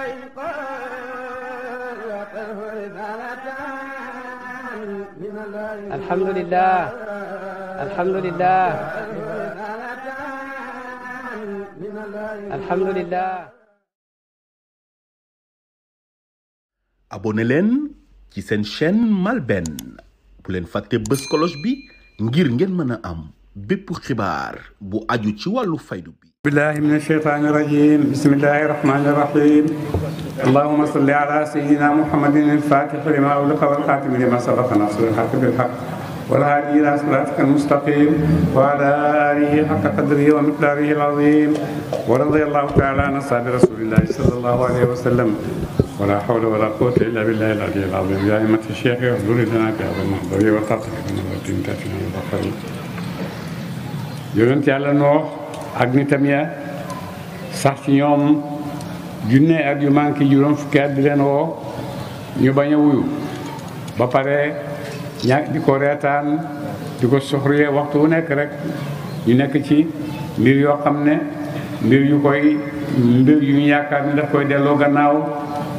وإذ الحمد لله الحمد لله الحمد لله abonné leen ci seen chaîne MALBN bu leen fàtte bës cloche bi ngir ngeen mën a am bépp xibaar bu aju ci wàllu faydu bi بالله من الشيطان الرجيم بسم الله الرحمن الرحيم اللهم صل على سيدنا محمد الفاتح لما أغلق والخاتم لما سبق ناصر الحق بالحق والهادي إلى صراطك المستقيم وعلى آله حق قدره ومقداره العظيم ورضي الله تعالى عن أصحاب رسول الله صلى الله عليه وسلم ولا حول ولا قوة إلا بالله العلي العظيم يا أئمة الشيخ احضر لنا بهذا المحضر وقاتك من الدين تاتينا البخاري يونت على نوح ak nitam ya sax ci ñoom junne at yu manqué juróom fukki at di leen woo ñu bañ a wuyu ba pare ña di ko reetaan di ko soxriyee waxtu wu nekk rek ñu nekk ci mbir yoo xam ne mbir yu koy mbir yu ñu yaakaar ni daf koy delloo gannaaw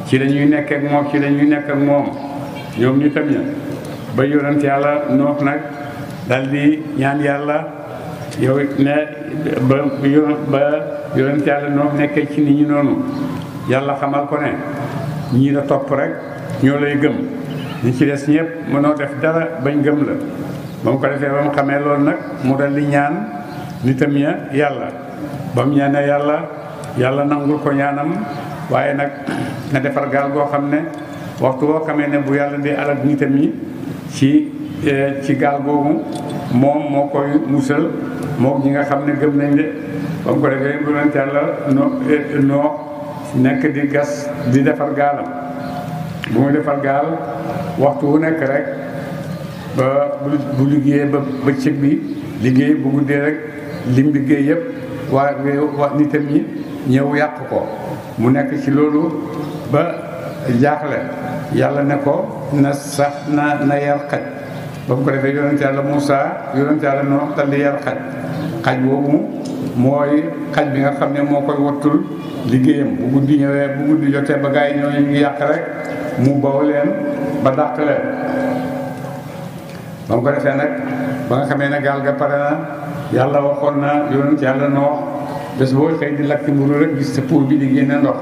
ci lañuy nekk ak moom ci lañuy nekk ak moom ñoom nitam ya ba yonent yàlla noox nag daldi ñaan yàlla yow ne ba ba yonent yàlla noonu nekkee ci nit ñi noonu yàlla xamal ko ne ñii la topp rek ñoo lay gëm ñi ci des ñëpp mënoo def dara bañ gëm la ba mu ko defee ba mu xamee loolu nag mu dal di ñaan nitam ya yàlla ba mu ñaanee yàlla yàlla nangul ko ñaanam waaye nag na defar gaal goo xam ne waxtu boo xamee ne bu yàlla di alal nitam yi ci eh, ci gaal googu moom moo koy musal moo ñi nga xam ne gëm nañ de ba mu ko defee yonent yàlla nekk di gas di defar gaalam bu muy defar gaal waxtu wu nekk rek ba bu liggéeyee ba bëccëg bi liggéey bu guddee rek lim liggéey yépp waa waa nitam ñi ñëw yàq ko mu nekk ci loolu ba jaaxle yàlla ne ko na sax na na yar xaj ba mu ko defee yonent yàlla Moussa yonent yàlla noonu daldi yar xaj xaj boobu mooy xaj bi nga xam ne moo koy wattul liggéeyam bu guddi ñëwee bu guddi jotee ba gaa yi ñoo ñu ngi yàq rek mu baw leen ba dàq leen ba mu ko defee nag ba nga xamee ne gaal ga pare na yàlla waxoon naa yonent yàlla noox bés boo xëy di lakk mburu rek gis sa pour bi di génne ndox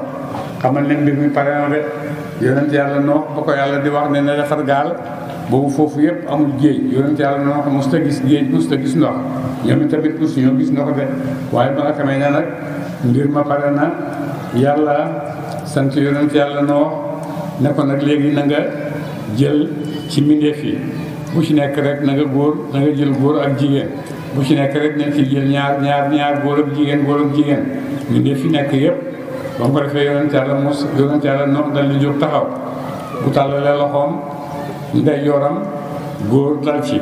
xamal ne mbir mi pare na de yonent yàlla noox ba ko yàlla di wax ne na defar gaal boobu foofu yëpp amul géej yonent yàlla noonu ko mosut a gis géej mosut a gis ndox ñoom tamit mosu ñoo gis ko de waaye ba nga xamee ne nag mbir ma pare na yàlla sant yonent yàlla noo ne nag léegi na nga jël ci mbindeef bu ci nekk rek na nga góor nga jël góor ak jigéen bu ci nekk rek nañ ci ñaar ñaar ñaar góor jigéen góor ak jigéen mbindeef nekk yëpp ba mu ko defee yonent yàlla mos yonent yàlla noo dal di jóg taxaw bu tàllalee loxoom ndeyjooram góor dal ci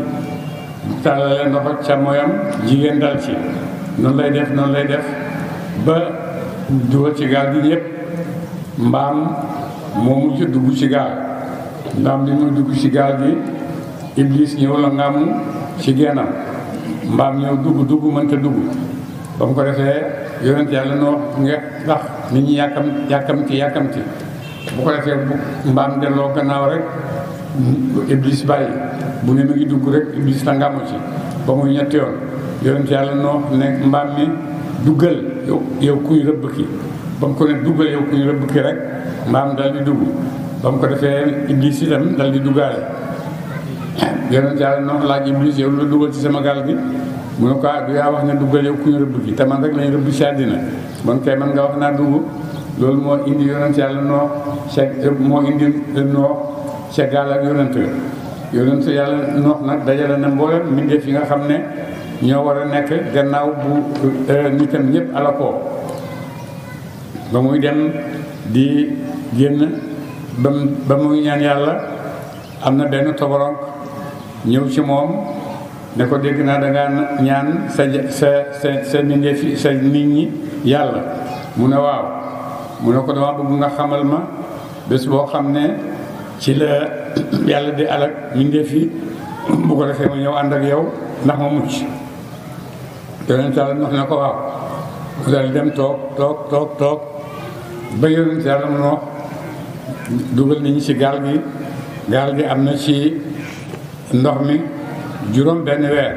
tàllale ndoxo càmmooyam jigéen dal ci noonu lay def noonu lay def ba dugal ci gaal gi yépp mbaam moo mujj dugg ci gaal mbaam li muy dugg ci gaal gi iblis ñëw la ngaamu ci gennam mbaam ñëw dugg dugg mënta dugg ba mu ko defee yonent yàlla noo nga tax nit ñi yàkkamti yàkkamti bu ko defee mbaam delloo gannaaw rek iblis bàyyi bu ne mu ngi dugg rek iblis tàngaamu ci ba muy ñetti yoon yonent yàlla noo ne mbaam mi duggal yow yow kuy rëbb ki ba mu ko ne duggal yow kuy rëbb ki rek mbaam dal di dugg ba mu ko defee iblis itam dal di duggaale yonent noo laaj iblis yow ci sama gaal gi mu ne ko ah, du yaa wax ne te man rek lañ rëbb ci àddina man kay man nga wax naa dugg loolu moo indi yonent yàlla noo moo indi noo ca gaal ak yonent noox nag dajale na mboolem mbindeef yi nga xam ne ñoo war a nekk gannaaw bu nitam euh, ñëpp alakoo ba muy dem di génn ba ba ñaan yàlla am na benn toboronk ñëw ci moom ne ko dégg naa da ñaan sa sa sa sa yi sa nit ñi yàlla mu ne waaw mu ne ko dama bëgg nga xamal ma bés boo xam ne ci la yàlla di alak mbindéef yi bu ko defee ma ñëw ànd ak yow ndax ma mucc yonent yàlla Nuux ne ko waaw mu daal dem toog toog toog toog ba yonent yàlla Nuux dugal nañu ci gaal gi gaal gi am na ci ndox mi juróom benn weer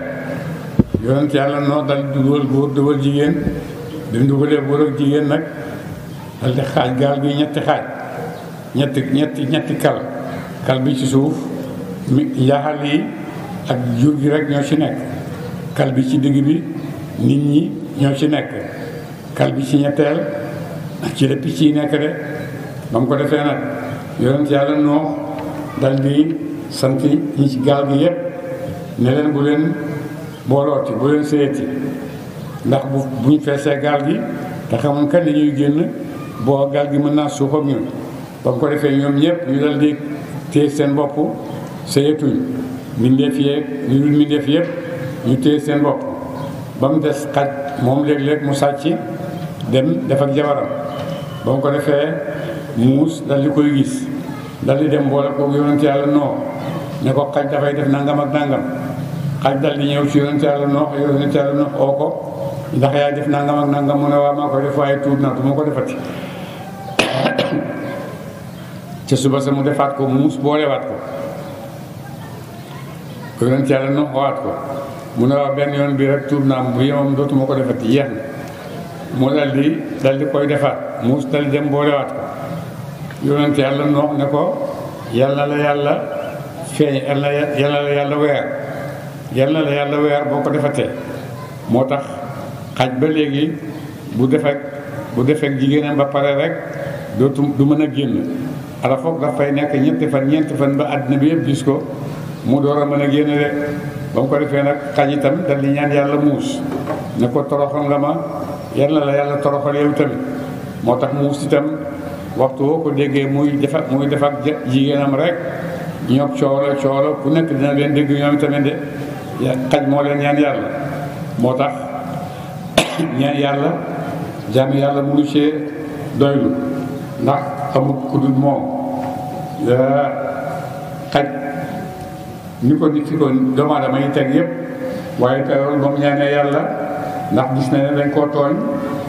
yonent yàlla Nuux dal dugal góor dugal jigéen bi mu dugalee góor ak jigéen nag dal di xaaj gaal gi ñetti xaaj ñetti ñetti ñetti kal kal bi ci suuf mi njaxal yi ak jur gi rek ñoo ci nekk kal bi ci digg bi nit ñi ñoo ci nekk kal bi ci ñetteel ci la picc yi nekk de ba mu ko defee nag yonent yàlla noo dal di sant ñi ci gaal gi yépp ne leen bu leen boolooti bu leen séyeti ndax bu buñ feesee gaal gi te xamuñ kan la ñuy génn boo gaal gi mën naa suuxam ñun ba mu ko defee ñoom ñëpp ñu dal di téye seen bopp sëyetuñ mbindeef yeeg ñu dul mbindeef yëpp ñu téye seen bopp ba mu des xaj moom léeg-léeg mu sàcc dem def jabaram ba mu ko defee muus dal di koy gis dal di dem boole ko yonent yàlla noox ne ko xaj dafay def nangam ak nangam xaj dal di ñëw ci yonent yàlla noox yonent yàlla noox oo ko ndax yaay def nangam ak nangam mu ne waa maa ko def waaye tuut na du ma ko defati ca suba sa mu defaat ko muus boolewaat ko ko yonent yàlla noxowaat ko mu ne wax benn yoon bi rek tuub naa bu yemam dootuma ko defati yeex na mu dal di dal di koy defaat muus dal di dem boolewaat ko yonent yàlla noox ne ko yàlla la yàlla feeñ yàlla la yàlla weer yàlla la yàlla weer boo ko defatee moo tax xaj ba léegi bu defek bu defek jigéenam ba pare rek dootu du mën a génn ala foog daf fay nekk ñetti fan ñeenti fan ba àddina bi yëpp gis ko mu door a mën a génn de ba mu ko defee nag xaj itam dal ñaan yàlla muus ne ko toroxal nga ma yàlla la yàlla toroxal yow tamit moo tax muus itam waxtu woo ko déggee muy defa muy def ak jigéenam rek ñoo coow la ku nekk dina leen dégg ñoom tamit de xaj moo leen ñaan yàlla moo tax ñaan yàlla jaamu yàlla mënu cee doylu ndax amul ku dul moom xaj ni ko nit ki ko doomu aadama yi teg yëpp waaye teewul moom ñaanee yàlla ndax gis na ne dañ koo tooñ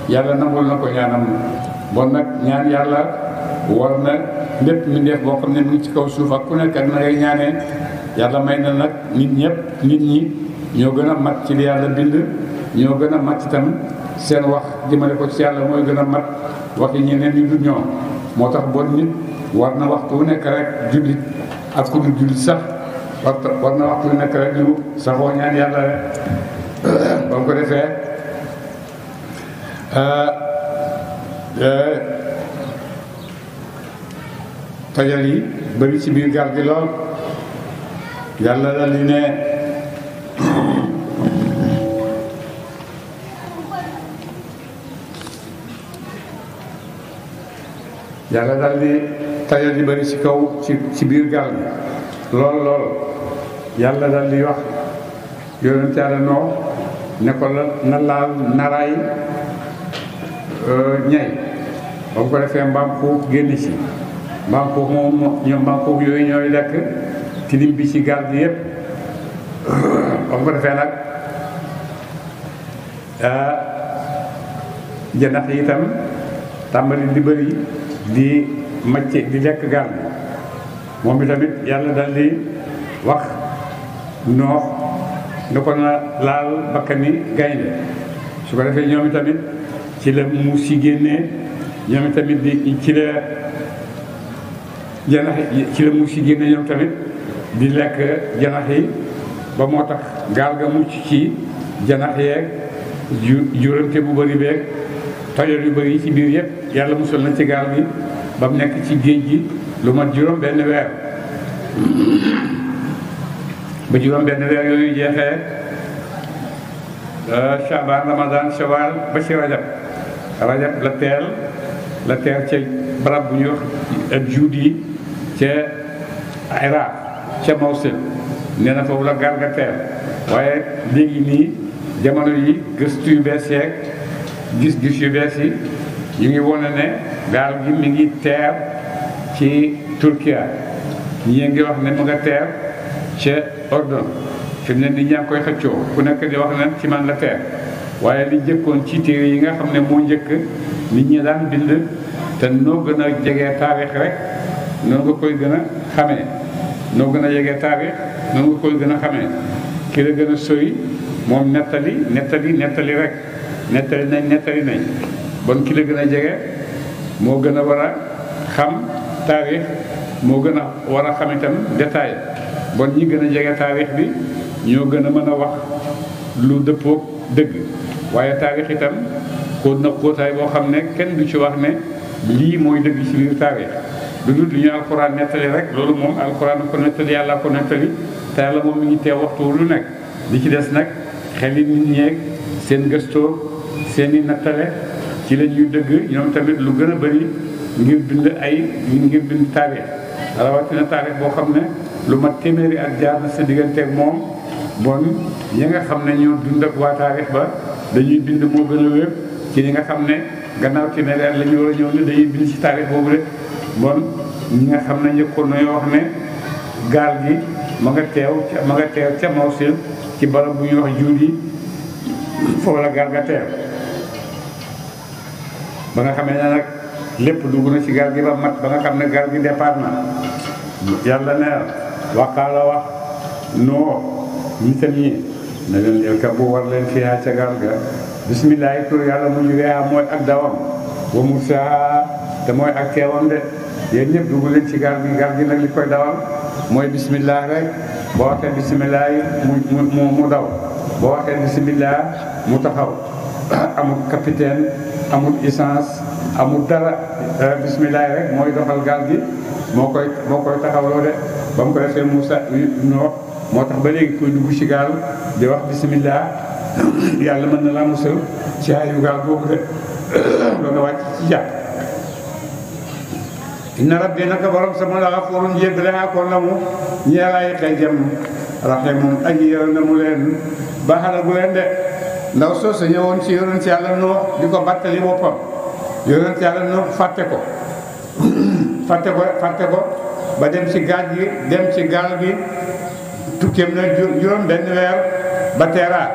yàlla nangul na ko ñaanam bon nag ñaan yàlla war na lépp mi ndeef boo xam ne mu ngi ci kaw suuf ak ku nekk ak na ngay ñaanee yàlla may na nag nit ñëpp nit ñi ñoo gën a mat ci li yàlla bind ñoo gën a mat itam seen wax jëmale ko ci yàlla mooy gën a mat waxi ñeneen ñu du ñoom moo tax bon nit war na waxtu wu nekk rek jullit ak ku dul jullit sax war war na waxtu wu nekk rek ñu saxoo ñaan yàlla rek ba mu ko defee fajal euh, euh, yi bëri ci biir gaal gi lool yàlla la li ne yàlla daal di tañal di bëri ci kaw ci ci biir gaal gi lool lool yàlla daal di wax yonent yàlla noo ne la na laal naraay euh, ñay ba mu ko defee mbaam xuux génn ci mbaam xuux moom ñoom mbaam xuux yooyu ñooy lekk tilim bi ci gaal gi yépp ba ko defee nag ah, janax yi itam tàmbali di bëri di macce di lekk gaal bi moom itamit yàlla daal di wax noox na ko na laal bakkani gaynde su ko defee ñoom tamit ci la mu si génnee ñoom itamit ci la ñoom tamit di lekk janax yi ba moo tax gaal ga mucc ci janax yeeg ju jurante bu bëri beeg tojoor yu bëri yi ci biir yëpp yàlla musal na ci gaal gi ba mu nekk ci géej gi lu mat juróom benn weer ba juróom benn weer yooyu jeexee euh, Shaban Ramadan Shawal ba ci rajab rajab la teel la teel ca barab bu ñuy wax ak juud yi ca Iraq ca foofu la garga teel waaye léegi nii jamono yi gëstu yu bees yeeg gis-gis yu bees yi ñu ngi wane ne gaal bi mi ngi teer ci Turquia ñii ngi wax ne mu nga teer ca Ordon fi mu ne nit ñaa koy xëccoo ku nekk di wax nan ci man la teer waaye li jëkkoon ci téere yi nga xam ne moo njëkk nit ñi daan bind te noo gën a jege taarix rek noonu nga koy gën a xamee noo gën a jege taarix noonu nga koy gën a xamee ki la gën a sori moom nettali nettali nettali rek nettali nañ nettali nañ bon ki la gën a jege moo gën a war a xam taarix moo gën a war a xam itam détail bon ñi gën a jege taarix bi ñoo gën a mën a wax lu dëppoog dëgg waaye taarix itam xóot na xóotaay boo xam ne kenn du ci wax ne lii mooy dëgg ci biir taarix lu dul li ñu alxuraan nettali rek loolu moom alxuraan ko nettali yàllaa ko nettali te yàlla moom mi ngi teew waxtu lu nekk li ci des nag xel yi nit seen gëstoo seen i nattale ci la ñuy dëgg ñoom tamit lu gën a bëri ngir bind ay ngir bind taarix rawatina taarix boo xam ne lu ma téeméeri ak jaar na sa digganteeg moom bon ñi nga xam ne ñoo dund ak waa taarix ba dañuy bind moo gën a wér ci li nga xam ne gannaaw téeméeri at la ñu war a ñëw ne dañuy bind ci taarix boobu rek bon ñi nga xam ne njëkkoon nañoo wax ne gaal gi ma nga teew ma nga teew ca Mawsil ci barab bu ñuy wax juudi foofu la gaal ga teew ba nga xamee ne nag lépp dugg na ci gaal gi ba mat ba nga xam ne gaal gi na yàlla ne waxaa la wax noo nitam yi na leen irkabu war leen fiihaa ca gaal ga bismillaahi tur yàlla mu ñu weeha mooy ak dawam wa mursaha te mooy ak teewam de yéen ñëpp dugg leen ci gaal gi nag li koy dawal mooy bismillah rek boo waxee bismillah mu mu mu daw boo waxee bismillah mu taxaw amul capitaine amul essence amul dara eh, bisimilah rek mooy doxal gaal gi moo koy moo koy taxawloo de ba mu ko defee Moussa Noox moo tax ba léegi koy dugg ci gaal di wax bisimilah yàlla mën na laa musal ci ayu gaal boobu de doon na wàcc ci jàpp. inna rabbi naka borom sama la xafoon jéggale akoon la mu ñeelaay xëy jëm raxe moom aji yërëm na mu leen baaxal gu leen de. ndaw soosu ñëwoon ci yonent yàlla Nuux di ko battali boppam yonent yàlla Nuux fàtte ko fàtte ko fàtte ko ba dem ci gaaj gi dem ci gaal gi tukkeem na juróom benn weer ba teeraat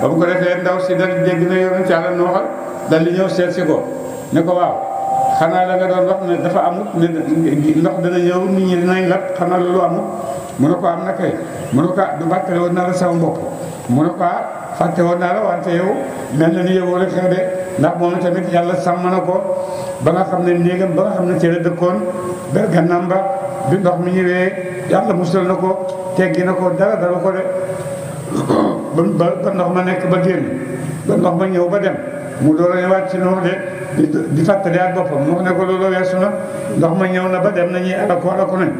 ba bu ko defee ndaw si dal dégg na yonent yàlla Nuuxal dal di ñëw seet si ko ne ko waaw xanaa la nga doon ndox ne dafa amut ne ndox dana ñëw nit ñi dinañ lat xanaa loolu amut mu ko am na kay mu ah, du battali woon na la sama bopp mu fàtte woon naa la wante yow mel na ni yow wala xew de ndax moom tamit yàlla sàmm na ko ba nga xam ne néegam ba nga xam ne ci la dëkkoon ba gànnaam ba bi ndox mi ñëwee yàlla musal na ko teggi na ko dara dara ko de ba ma nekk ba génn ba ndox ma ñëw ba dem mu door a ñëwaat ci noonu de di fàttali ak boppam mu ne ko loolu weesu na ndox ma ñëw na ba dem na ñuy ala ko ko nañ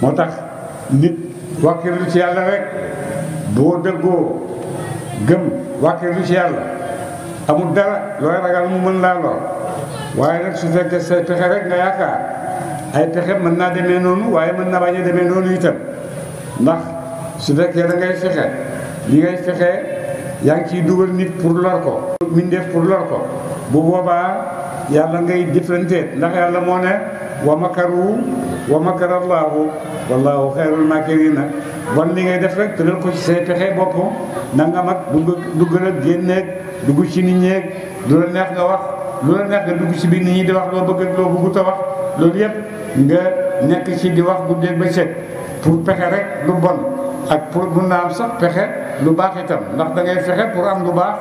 moo tax nit wàkkirlu ci yàlla rek boo dëggoo gëm wàkkirlu ci yàlla amul dara looy ragal mu mën laa lor waaye nag su fekkee say pexe rek nga yaakaar ay pexe mën naa demee noonu waaye mën na bañ a demee noonu itam ndax su fekkee da ngay fexe li ngay fexe yaa ngi ciy dugal nit pour lor ko mindeef pour lor ko bu boobaa yàlla ngay jëflantee ndax yàlla moo ne wa makaru wa makara allahu wallahu xayrul makirina wan li ngay def rek tëral ko ci say pexe bopp na nga mag bu duggal ak génneeg du ci nit ñeeg lu la neex nga wax lu la neex nga dugg ci biir nit di wax loo bëgg loo bëggut a loolu yëpp nga nekk ci di wax guddeeg bëccëg pour pexe rek lu bon ak pour mun naa am sax pexe lu baax itam ndax da ngay fexe pour am lu baax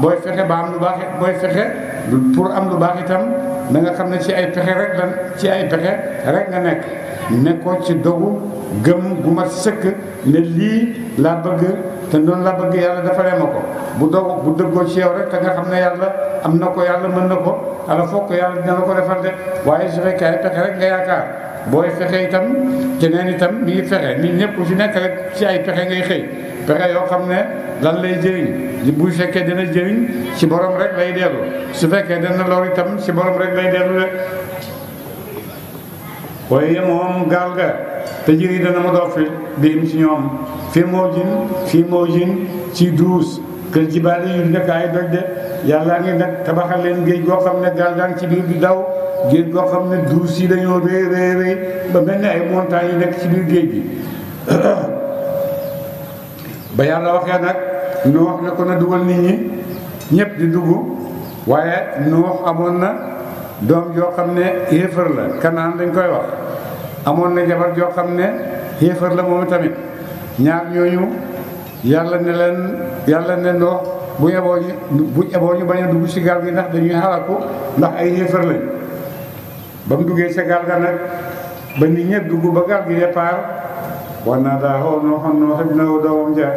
booy fexe ba am lu baax booy fexe pour am lu baax itam danga xam ne ci ay pexe rek la ci ay pexe rek nga nekk nekkoo ci dogu gëm gu ma sëkk ne lii laa bëgg te noonu laa bëgg yàlla dafa ma ko bu dogu bu dëggoo ci yow rek te nga xam ne yàlla am na ko yàlla mën na ko ala foog yàlla dina la ko defante waaye su fekkee ay pexe rek nga yaakaar booy fexe itam keneen itam mi fexe mi ñëpp ku ci nekk rek ci ay pexe ngay xëy pexe yoo xam ne lan lay jëriñ bu fekkee dana jëriñ ci borom rek lay dellu su fekkee dana lor itam ci borom rek lay dellu de waaye moom gaal ga te jëri dana ma dox fi ci ñoom fii moo jin fii moo jin ci duus kër ci bali yu nekk ay doj de yàllaa ngi nag tabaxal leen géej goo xam ne gaal gaa ngi ci biir di daw géej goo xam ne duus yi dañoo rëy rëy ba mel ni ay montagne yi nekk ci biir géej gi ba yàlla waxee nag nu ne ko na dugal nit ñi ñëpp di dugg waaye nu amoon na doom joo xam ne yéefar la kanaan dañ koy wax amoon na jabar joo xam ne yéefar la moomu tamit ñaar ñooñu yàlla ne leen yàlla ne noox bu eboo ñu ñu bañ a dugg ci gaal gi ndax dañuy xalaku ndax ay yéefar lañ ba mu duggee ca gaal ga nag ba nit ñëpp dugg ba gaal gi départ wonnadaahu nuuhun nuuh ibnahu doomam ja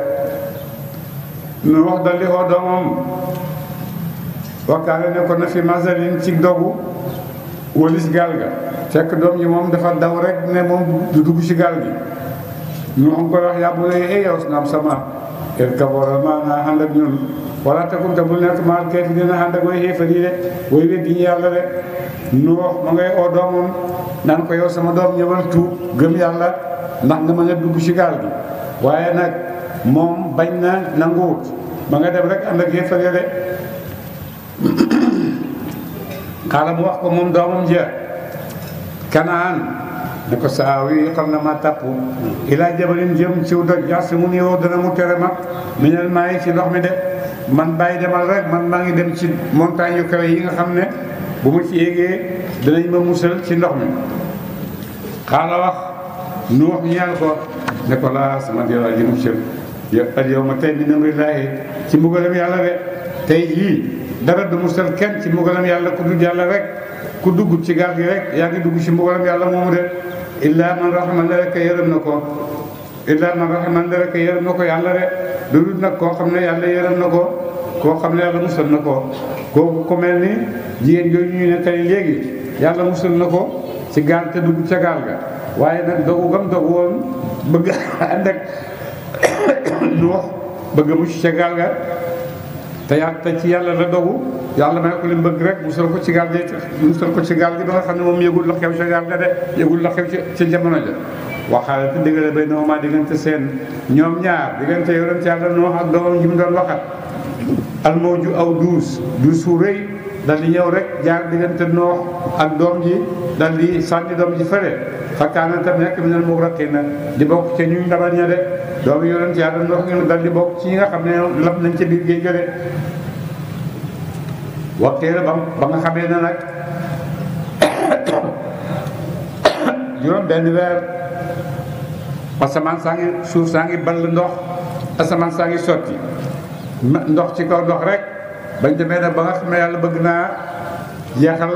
nuux daldi oo doomam wakkaale ne ko na fi masalin ci dogu wëlis gaal ga fekk doom ji moom dafa daw rek ne moom du dugg ci gaal gi ñu ngi koy wax yaa bunayya eh sama irkab waral maanaa ànd ak ñun wala takun bul nekk maal kayit dina ànd ak way yi de way weddi ñu yàlla de nu wax ma ngay oo doomam naan ko yow sama doom ñëwal tuub gëm yàlla ndax nga mën a dugg ci gaal gi waaye nag moom bañ na nanguwut ma nga dem rek ànd ak yéefar ya de xaala mu wax ko moom doomam ja kanaan ne ko saawi xam na ma tàpp ilaa jabalin jëm siw doj yaa si mu niroo dana mu tere ma minel maa yi ci ndox mi de man bàyyi demal rek man maa ngi dem ci montagne yu kawe yi nga xam ne bu ma ci yéegee danañ ma musal ci ndox mi xaala wax nu wax ñeel ko ne ko laa sama delloo ji mu yow ma tey bi namrillaahi ci mbugalam yàlla de tey jii dara du musal kenn ci mbugalam yàlla ku dugg yàlla ku dugg ci gaal gi rek yaa dugg ci mbugalam yàlla moomu de illaa man rahma la rek yërëm na ko illaa man rahma la rek yërëm na ko yàlla de lu dul nag koo xam ne yàlla yërëm na ko koo xam ne yàlla na ko kooku ko mel ni jigéen jooju ñu ne tey léegi yàlla musal na ko ci gaal te dugg ca gaal ga waaye nag dogu gam dogu woon bëgg ànd ak nuux bëgg mucc ca gaal ga te te ci yàlla la dogu yàlla may ko lim bëgg rek musal ko ci gaal gi ko ci gaal gi ba nga xam ne moom yëgul la xew ca gaal ga de yëgul la xew ca jamono ja waxaale te diggale bay noo maa diggante seen ñoom ñaar diggante yonent yàlla nuux ak doomam ji mu doon waxat al mawju aw duus duus rëy dal di ñëw rek jaar diggante noox ak doom ji dal di sànni doom ji fële fakkaana tam nekk mi neen mu raqi na di bokk ca ñuy ndabar ña de ci ñi nga xam ne lab nañ ca biir géej ga de waxtee la ba nga xamee na nag juróom benn weer asamaan saa ngi suuf saa ngi ball ndox asamaan saa ngi sotti ndox ci kaw ndox rek bañ demee nag ba nga xam ne yàlla bëgg naa yeexal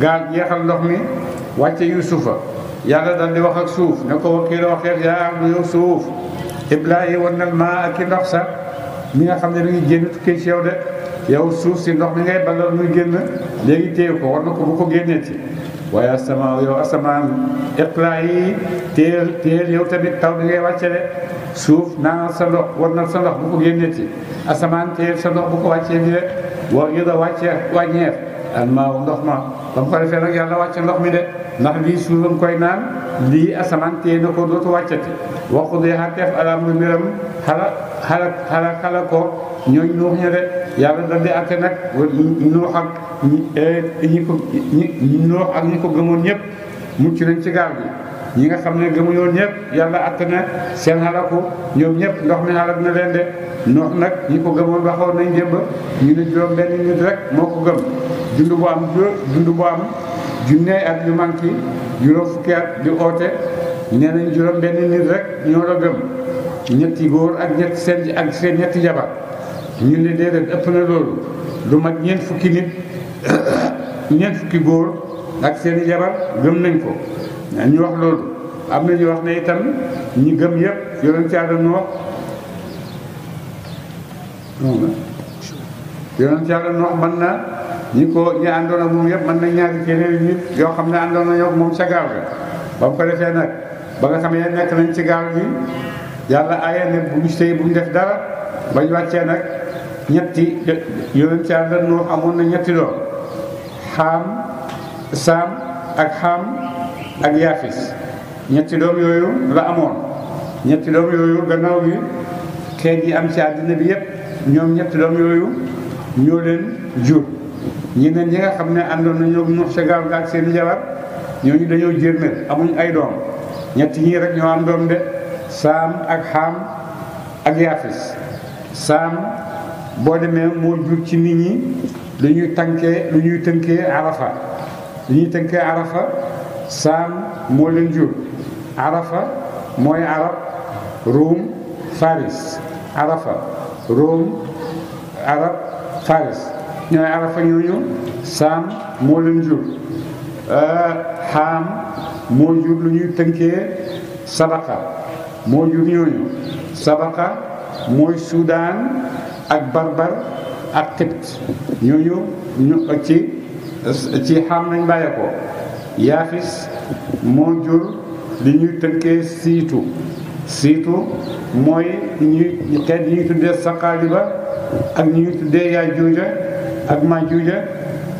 gaal yeexal ndox mi wàcce yusufa yàlla dal di wax ak suuf ne ko wakiila waxeek yaa ardu yow suuf iblaayi wan nal maa ak ki ndox sax mi nga xam ne mi ngi génn tukkee ci yow de yow suuf si ndox mi ngay balal mu génn léegi téye ko war na ko bu ko génnee ci waaye asamaan yow asamaan iqlaa yi téyel téyel yow tamit taw bi ngay wàcce de suuf naanal sa ndox war na sa ndox bu ko génneeti asamaan téye sa ndox bu ko wàccee nii rek woo yi da wàccee wàññeef almaaw ndox ma ba mu ko nag yàlla wàcce ndox mi de ndax lii suufam koy naan lii asamaan téye na ko dootu wàccati waxu dee xateef alam lu mbiram xala xala xala xala ko ñooñ nuux ña de yàlla dal di nag eh, nuux ak ñi ko ñi nuux gëmoon ñëpp mucc nañ ci gaal bi ñi nga xam ne gëmuñu woon yàlla àtt na seen xalaku ñoom ñëpp ndox mi xalak na leen de nag ñi ko gëmoon waxoon nañ démb ñu ne juróom benn nit rek moo ko gëm dund bu am dund bu am junne juróom fukki at di oote nee nañ juróom benn nit rek ñoo la gëm ñetti góor ak ñetti seen ak seen ñetti jabar ñu ne déedéet ëpp na loolu lu mat ñeent fukki nit ñeent fukki góor ak seen jabar gëm nañ ko ñu wax loolu am na ñu wax ne itam ñi gëm yëpp yonent ci Aadama Noox yonent ci mën na ñi ko ñi àndoon moom yëpp mën na ñaari téeméeri nit yoo xam ne àndoon nañoo moom ca gaal ga ba mu ko defee nag ba nga xam ne nekk nañ ci gaal gi yàlla aaya ne bu sëy bu ñu def dara ba ñu wàccee nag ñetti yonent ci Aadama Noox amoon na ñetti doom xaam saam ak xaam ak yaafis ñetti doom yooyu la amoon ñetti doom yooyu gannaaw gi xeet yi am ci àddina bi yépp ñoom ñetti doom yooyu ñoo leen jur ñeneen ñi nga xam ne àndoon nañoo ñox ca gaal ga ak seen jabar ñooñu dañoo jërmér amuñ ay doom ñetti ñii rek ñoo am doom de saam ak xaam ak yaafis saam boo demee moo jur ci nit ñi lu ñuy tànkee lu ñuy tënkee arafa lu ñuy tënkee arafa saam moo leen jur arafa mooy arab ruum faris arafa ruum arab faris ñooy arafa ñooñu saam moo leen jur xaam euh, jur lu ñuy tënkee sadaka moo jur ñooñu sadaka mooy sudaan ak barbar ak Égypte ñooñu ñu ci ci xaam nañ bàyyeekoo yaafis moo jur li ñuy tënkee siitu siitu mooy ñuy xeet ñuy tuddee saqaaliba ak ñuy tuddee yaajuuja ak maajuuja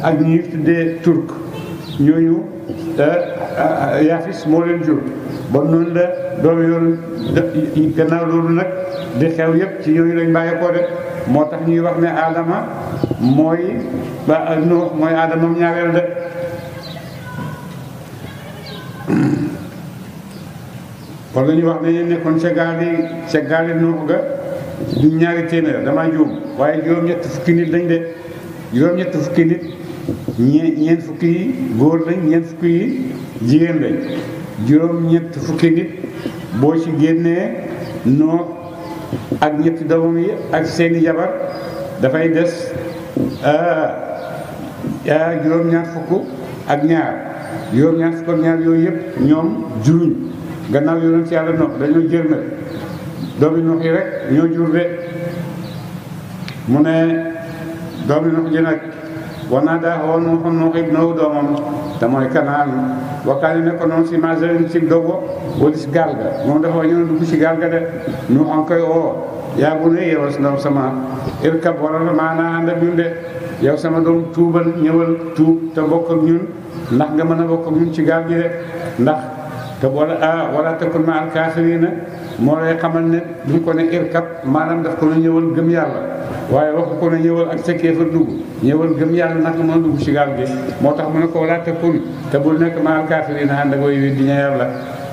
ak ñuy tuddee turk ñooñu eh, eh, yaafis moo leen jur ba noonu la doom yoonu gannaaw loolu nag di xew yëpp ci ñooñu lañ bàyyi koo de moo tax ñuy wax ne aadama mooy ba nu mooy aadamam de kon la ñuy wax dañu nekkoon ca gaal ca gaal yi nuux ga ñaari téeméer damaa juum waaye juróom-ñett fukki nit dañ de juróom-ñett fukki nit ñee ñeent fukki góor lañ ñeent fukki jigéen lañ juróom-ñett fukki nit boo ci génnee noog ak ñetti doomam yi ak seeni jabar dafay des euh, euh, juróom-ñaar fukk ak ñaar yoom ñaar kon ñaar yooyu yëpp ñoom juruñ gannaaw yonent yàlla nox dañoo jërmal doomi nox rek ñoo jur de mu ne doomi nox ji nag war naa daa xawoon mu xam nox ibnahu doomam te mooy kanaan ne ko noonu si magerin si dogo wala gaal ga moom dafa wax ñu ne dugg si gaal ga de ñu an koy oo yaa bu ne yeewal si doom sama irkab waral maanaa ànd ak ñun de yow sama doom tuubal ñëwal tuub te bokk ñun ndax nga mën a bokk ñun ci gaal gi rek ndax te wala a ah, wala takun ma al kaafiriina moo lay xamal ne mu ko ne irkab maanaam daf ko ne ñëwal gëm yàlla waaye waxu ko ne ñëwal ak sa kéefa dugg ñëwal gëm yàlla naka mën a dugg ci gaal gi moo tax mu ne ko wala takun te bu nekk ma al kaafiriina ànd ak way di ña yàlla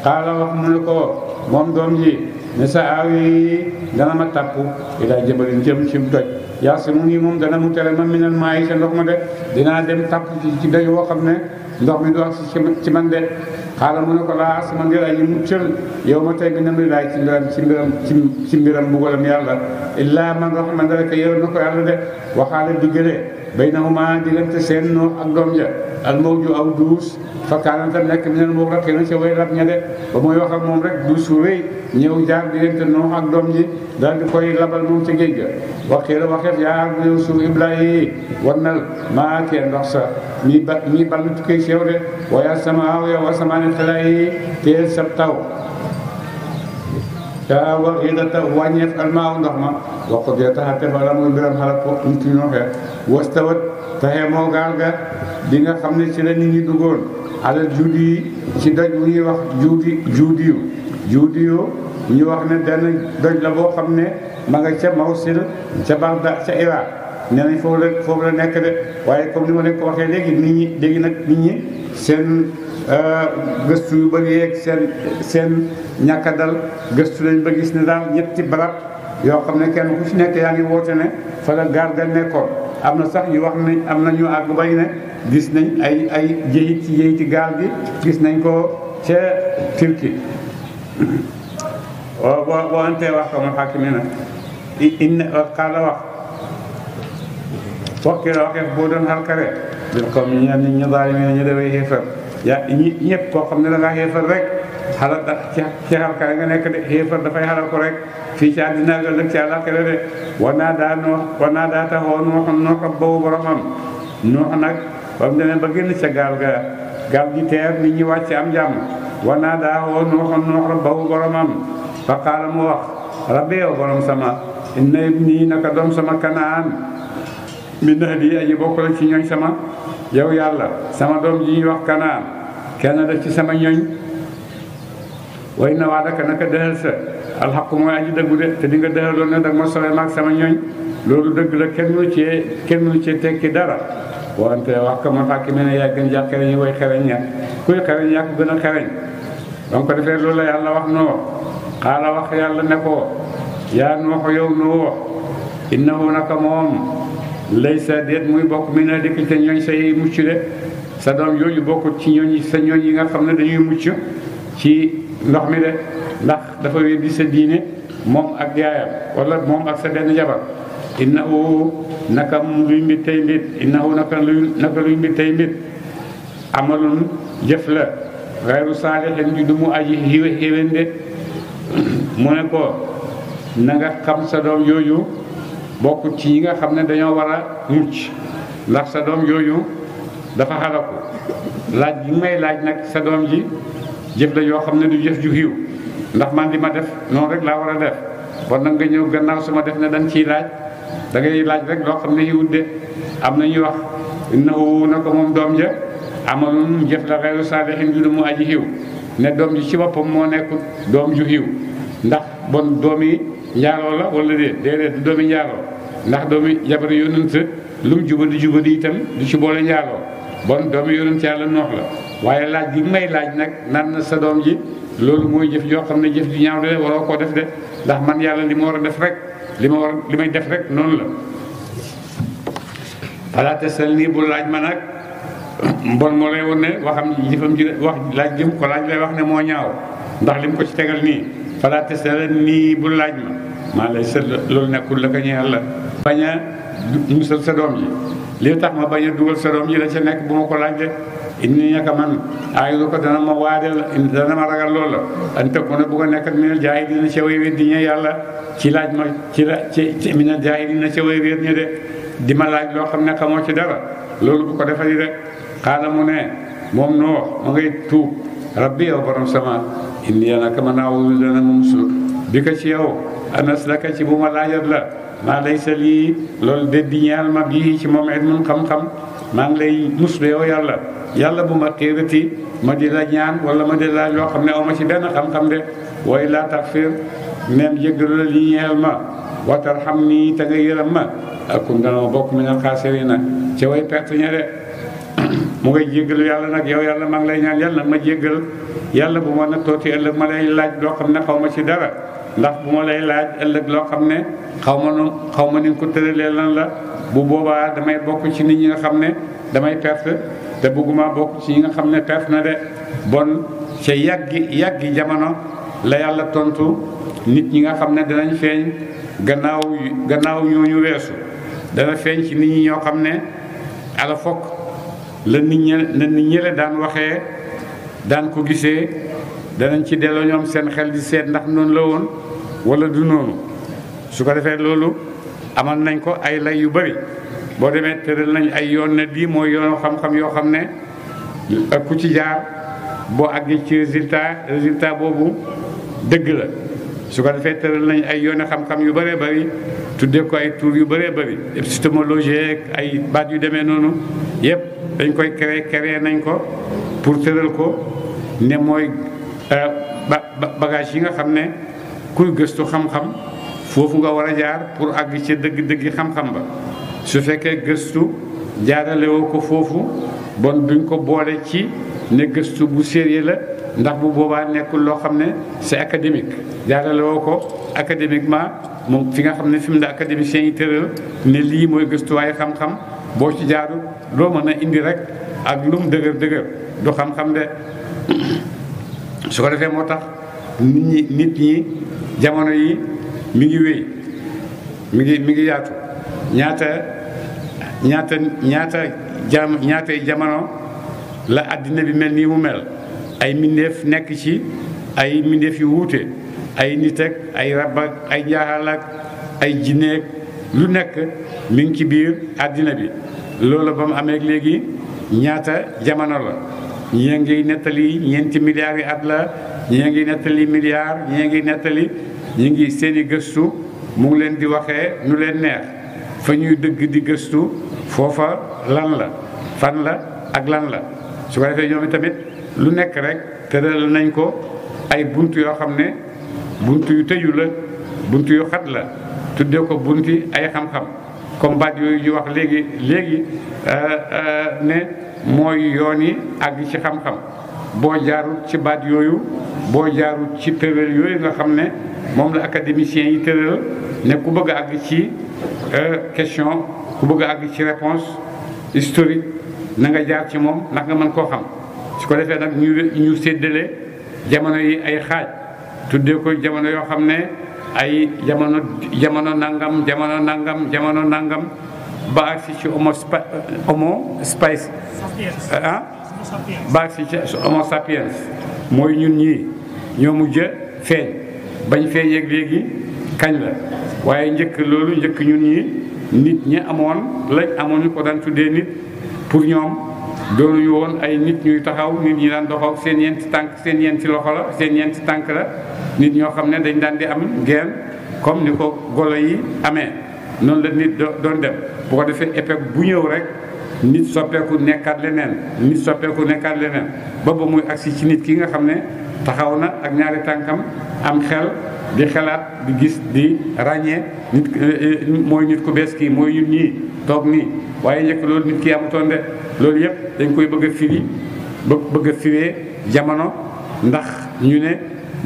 xaala wax mu ne ko moom doom ji ne sa aaw yi dana ma tàpp ilaa jabalin jëm ci doj yaa si mu ngi moom dana mu tere man mi nan maa yi sa ndox ma de dinaa dem tàpp ci ci doj woo xam ne ndox mi du ak si ci man de xaala mu ne ko laa sama ngelaay li mu cël yow ma tey nga ne laay ci mbiram ci mbiram ci mbiram mbugalam yàlla illaa ma nga xamante ne que yow na ko yàlla de waxaale diggale baynahuma diggante seen noo ak doom ja al mawju aw duus fa kaanata nekk mi nen moom rek na ca way rab ña de ba mooy wax ak moom rek duus su rëy ñëw jaar diggante noo ak doom ji daal di koy labal moom ca géej ga waxee la waxeef yaa ar néew suuf ibrahima wannal maa kee ndox sa mi ba mi ballu tukkee ci yow de waya samaaw yow asamaani yi teel sab taw daa war yi da taw wàññeef almaaw ndox ma wax ko dee taxa tefala muy biram xalak ko um tiñoo xe was tawat taxee moo gaal ga di nga xam ne ci la nit ñi duggoon alal juudi yi ci doj bu ñuy wax juudi juudiyu juudiyu ñu wax ne benn doj la boo xam ne ma nga ca mawsil ca Bagdad ca Irak nee nañ foofu la foofu la nekk de waaye comme ni ma leen ko waxee léegi nit ñi léegi nag nit ñi seen euh, gëstu yu bëri yeeg seen seen ñàkk a dal gëstu lañ ba gis ne daal ñetti balaat yoo xam ne kenn ku ci nekk yaa ngi woote ne fa la gaar ga nekkoon am na sax ñu wax ne am na ñu àgg bay ne gis nañ ay ay jéyit ci jéyiti bi gis nañ ko ca Turquie boo boo antee wax ko ma xàkk mi na in qaala wax wakkiloo xef boo doon xarkare bil xaw mi ñeen ñi ñu zaalimiin ñu dawee xéefar yaa ñi ñëpp koo xam ne da ngaa xéefar rek xala ci nga nekk de xéefar dafay xalal ko rek fii ci naa daa noo war naa daa taxoo noo xam noo xam boobu boromam noo xam nag ba mu demee ba génn sa gaal ga gaal gi teer nit ñi wàcc am jàmm wa naa daa woo noo xam noo xam boobu boromam fa qaala mu wax rabbi borom sama inna ibni naka doom sama kanaan min na di aji bokk la ci ñooñ sama yow yàlla sama doom ji ñuy wax kanaan kenn la ci sama ñooñ way na waa daka naka dëxal sa alxaqu mooy aji dëggu de te di nga dëxaloon ne dag ma sole maag sama ñooñ loolu dëgg la kenn mënu cee kenn mënu cee tekki dara wante wax ka ma fàkki me ne yaa gën jàpp xereñ yi way xereñ ña kuy xereñ yaa gën a xereñ donc ko defee loolu la yàlla wax noo xaala wax yàlla ne ko yaa nooxo yow noo innahu naka moom lay sa déet muy bokk mi na dëkk te ñooñ sa yey mucc de sa doom yooyu bokkut ci ñooñ sa ñooñ yi nga xam ne dañuy mucc ci ndox mi de ndax dafa weddi sa diine moom ak yaayam walla moom ak sa benn jabar innahu nakam luy mbit tey mbit innahu naka luy naka luy mbit tey mbit amalun jëf la xayru saalihin ju du mu aji xiwe xiwén de mu ne ko na xam sa doom yooyu bokk ci ñi nga xam ne dañoo war a mucc ndax sa doom yooyu dafa xalaku laaj bi may laaj nag sa doom ji jëf la yoo xam ne du jëf ju xiiw ndax man di ma def noonu rek laa war a def kon nag nga ñëw gannaaw su ma def ne dañ ciy laaj da ngay laaj rek loo xam ne xiiwut de am na ñuy wax na na ko moom doom ja amalum jëf la xeeru saalihin ju du mu aji xiiw ne doom ji ci boppam moo nekk doom ju xiiw ndax bon doom yi njaaloo la wala déet déedéet du doomi njaaloo ndax doomi jabar yonent lu mu jubadi jubadi itam du ci boole njaaloo bon doomi yonent yàlla noox la waaye laaj gi may laaj nag naan na sa doom ji loolu mooy jëf joo xam ne jëf ji ñaaw de waroo koo def de ndax man yàlla li mu war a def rek li ma war li may def rek noonu la voilà sel nii bu laaj ma nag mbon moo lay woon ne waxam jëfam ji wax laaj jëm ko laaj lay wax ne moo ñaaw ndax lim ko tegal nii fala te nii bu laaj ma maa lay seet loolu nekkul la ko ñeel la bañ a musal sa doom ji li tax ma bañ dugal sa doom ji la ca nekk bu ma ko laajte inni ñaka man ay lu ko dana ma waadeel dana ma ragal loolu la an tëkku na bu ko nekkat minel jaay dina ca way wéet di ñe yàlla ci laaj ma ci la ci minel jaay dina ca way wéet ñe de di ma laaj loo xam ne xamoo ci dara loolu bu ko defali rek xaala mu ne moom noo ma ngay tuub rabbi yow borom sama inni yanaka man awulu dana ma muslu bi ko ci yow anas la ci bu ma laajat la maa lay sa lii loolu de di ma bii ci moom it mun xam-xam maa ngi lay muslu yow yàlla yàlla bu ma téerati ma di la ñaan wala ma di la loo xam ne aw ma ci benn xam-xam de way laa tax fir neen jéggalu la li ñeel ma watar xam nii te nga yërëm ma akum dana ma bokk mi ne xaasiri na ca way perte ña de mu ngay jéggalu yàlla nag yow yàlla maa lay ñaan yàlla nag ma jéggal yàlla bu ma nag tooti ëllëg ma lay laaj loo xam ma ci dara ndax bu ma lay laaj ëllëg loo xam ne xaw ma nu xaw ma ni ko tëralee lan la bu boobaa damay bokk ci nit ñi nga xam ne damay perte te bëgguma bokk ci ñi nga xam ne perte na de bon ca yàggi yàggi jamono la yàlla tontu nit ñi nga xam ne danañ feeñ gannaaw gannaaw ñu weesu dana feeñ ci nit ñi ñoo xam ne ala fokk la nit ñi la daan waxee daan ko gisee danañ ci delloo ñoom seen xel di seet ndax noonu la woon wala du noonu su ko defee loolu amal nañ ko ay lay yu bari boo demee tëral nañ ay yoon ne bii mooy yoon xam-xam yoo xam ne ku ci jaar boo àggee ci résultat résultat boobu dëgg la su ko defee tëral nañ ay yoone xam-xam yu bari bëri tuddee ko ay tur yu bëree bëri épistémologie ay baat yu demee noonu yëpp dañ koy créé créé nañ ko pour tëral ko ne mooy Euh, bagage yi nga xam ne kuy gëstu xam-xam foofu nga war a jaar pour àgg ca dëgg-dëggi xam-xam ba su fekkee gëstu jaaralewoo ko foofu bon duñ ko boole ci ne gëstu bu sérieux la ndax bu boobaa nekkul loo xam ne c'est académique jaaralewoo ko académiquement moom fi nga xam ne fi mu ne académicien yi tëral ne lii mooy gëstuwaay xam-xam boo ci jaaru doo mën a indi rek ak lum dëgër dëgër du xam-xam de su ko defee moo tax nit ñi nit ñi jamono yi mi ngi wéy mi ngi mi ngi yaatu ñaata ñaata ñaata jam ñaatay jamono la àddina bi mel nii mu mel ay mbindeef nekk ci ay mbindeef yu wuute ay nit ak ay rab ak ay njaaxal ak ay jineek lu nekk mi ngi ci biir àddina bi loolu ba mu amee léegi ñaata jamono la ñii ngi nettali ñeenti milliards yi at la ñi ngi nettali milliards ñii ngi nettali ñu ngi seeni gëstu mu ngi leen di waxe nu leen neex fa ñuy dëgg di gëstu foofa lan la fan la ak lan la su ko defee ñoom tamit lu nekk rek tëral nañ ko ay bunt yoo xam ne bunt yu tëju la bunt yu xat la tuddee ko bunti ay xam-xam comme baat yooyu ñu wax léegi léegi euh, euh, ne mooy yoon yi àgg ci xam-xam boo jaarul ci baat yooyu boo jaarul ci tëral yooyu nga xam ne moom la académiciens yi tëral ne ku bëgg a àgg ci euh, question ku bëgg a àgg ci réponse historique na nga jaar ci moom ndax nga mën koo xam su ko defee nag ñu ñu séddale jamono yi ay xaaj tuddee ko jamono yoo xam ne ay jamono jamono nangam jamono nangam jamono nangam ba agsi ci homo homo spice eh, ah ba agsi ci homo sapiens mooy ñun ñii ñoo mujj feeñ bañ feeñeeg léegi kañ la waaye njëkk loolu njëkk ñun ñi nit ñi amoon lañ amoon ñu ko daan tuddee nit pour ñoom doonuñu woon ay nit ñuy taxaw nit ñi daan doxaw seen ñeenti tànk seen ñeenti loxo la seen ñeenti tànk la nit ñoo xam ne dañ daan di am geen comme ni ko golo yi amee noonu la nit doon dem boo ko defee épec bu ñëw rek nit soppeeku nekkaat leneen nit soppeeku nekkaat leneen ba ba muy agsi ci nit ki nga xam ne taxaw na ak ñaari tànkam am xel di xalaat di gis di ràññee nit eh, eh, mooy nit ku bees kii mooy ñun ñi toog nii waaye njëkk loolu nit ki amutoon de loolu yëpp dañ koy bëgg a firi bëgg a fiwee jamono ndax ñu ne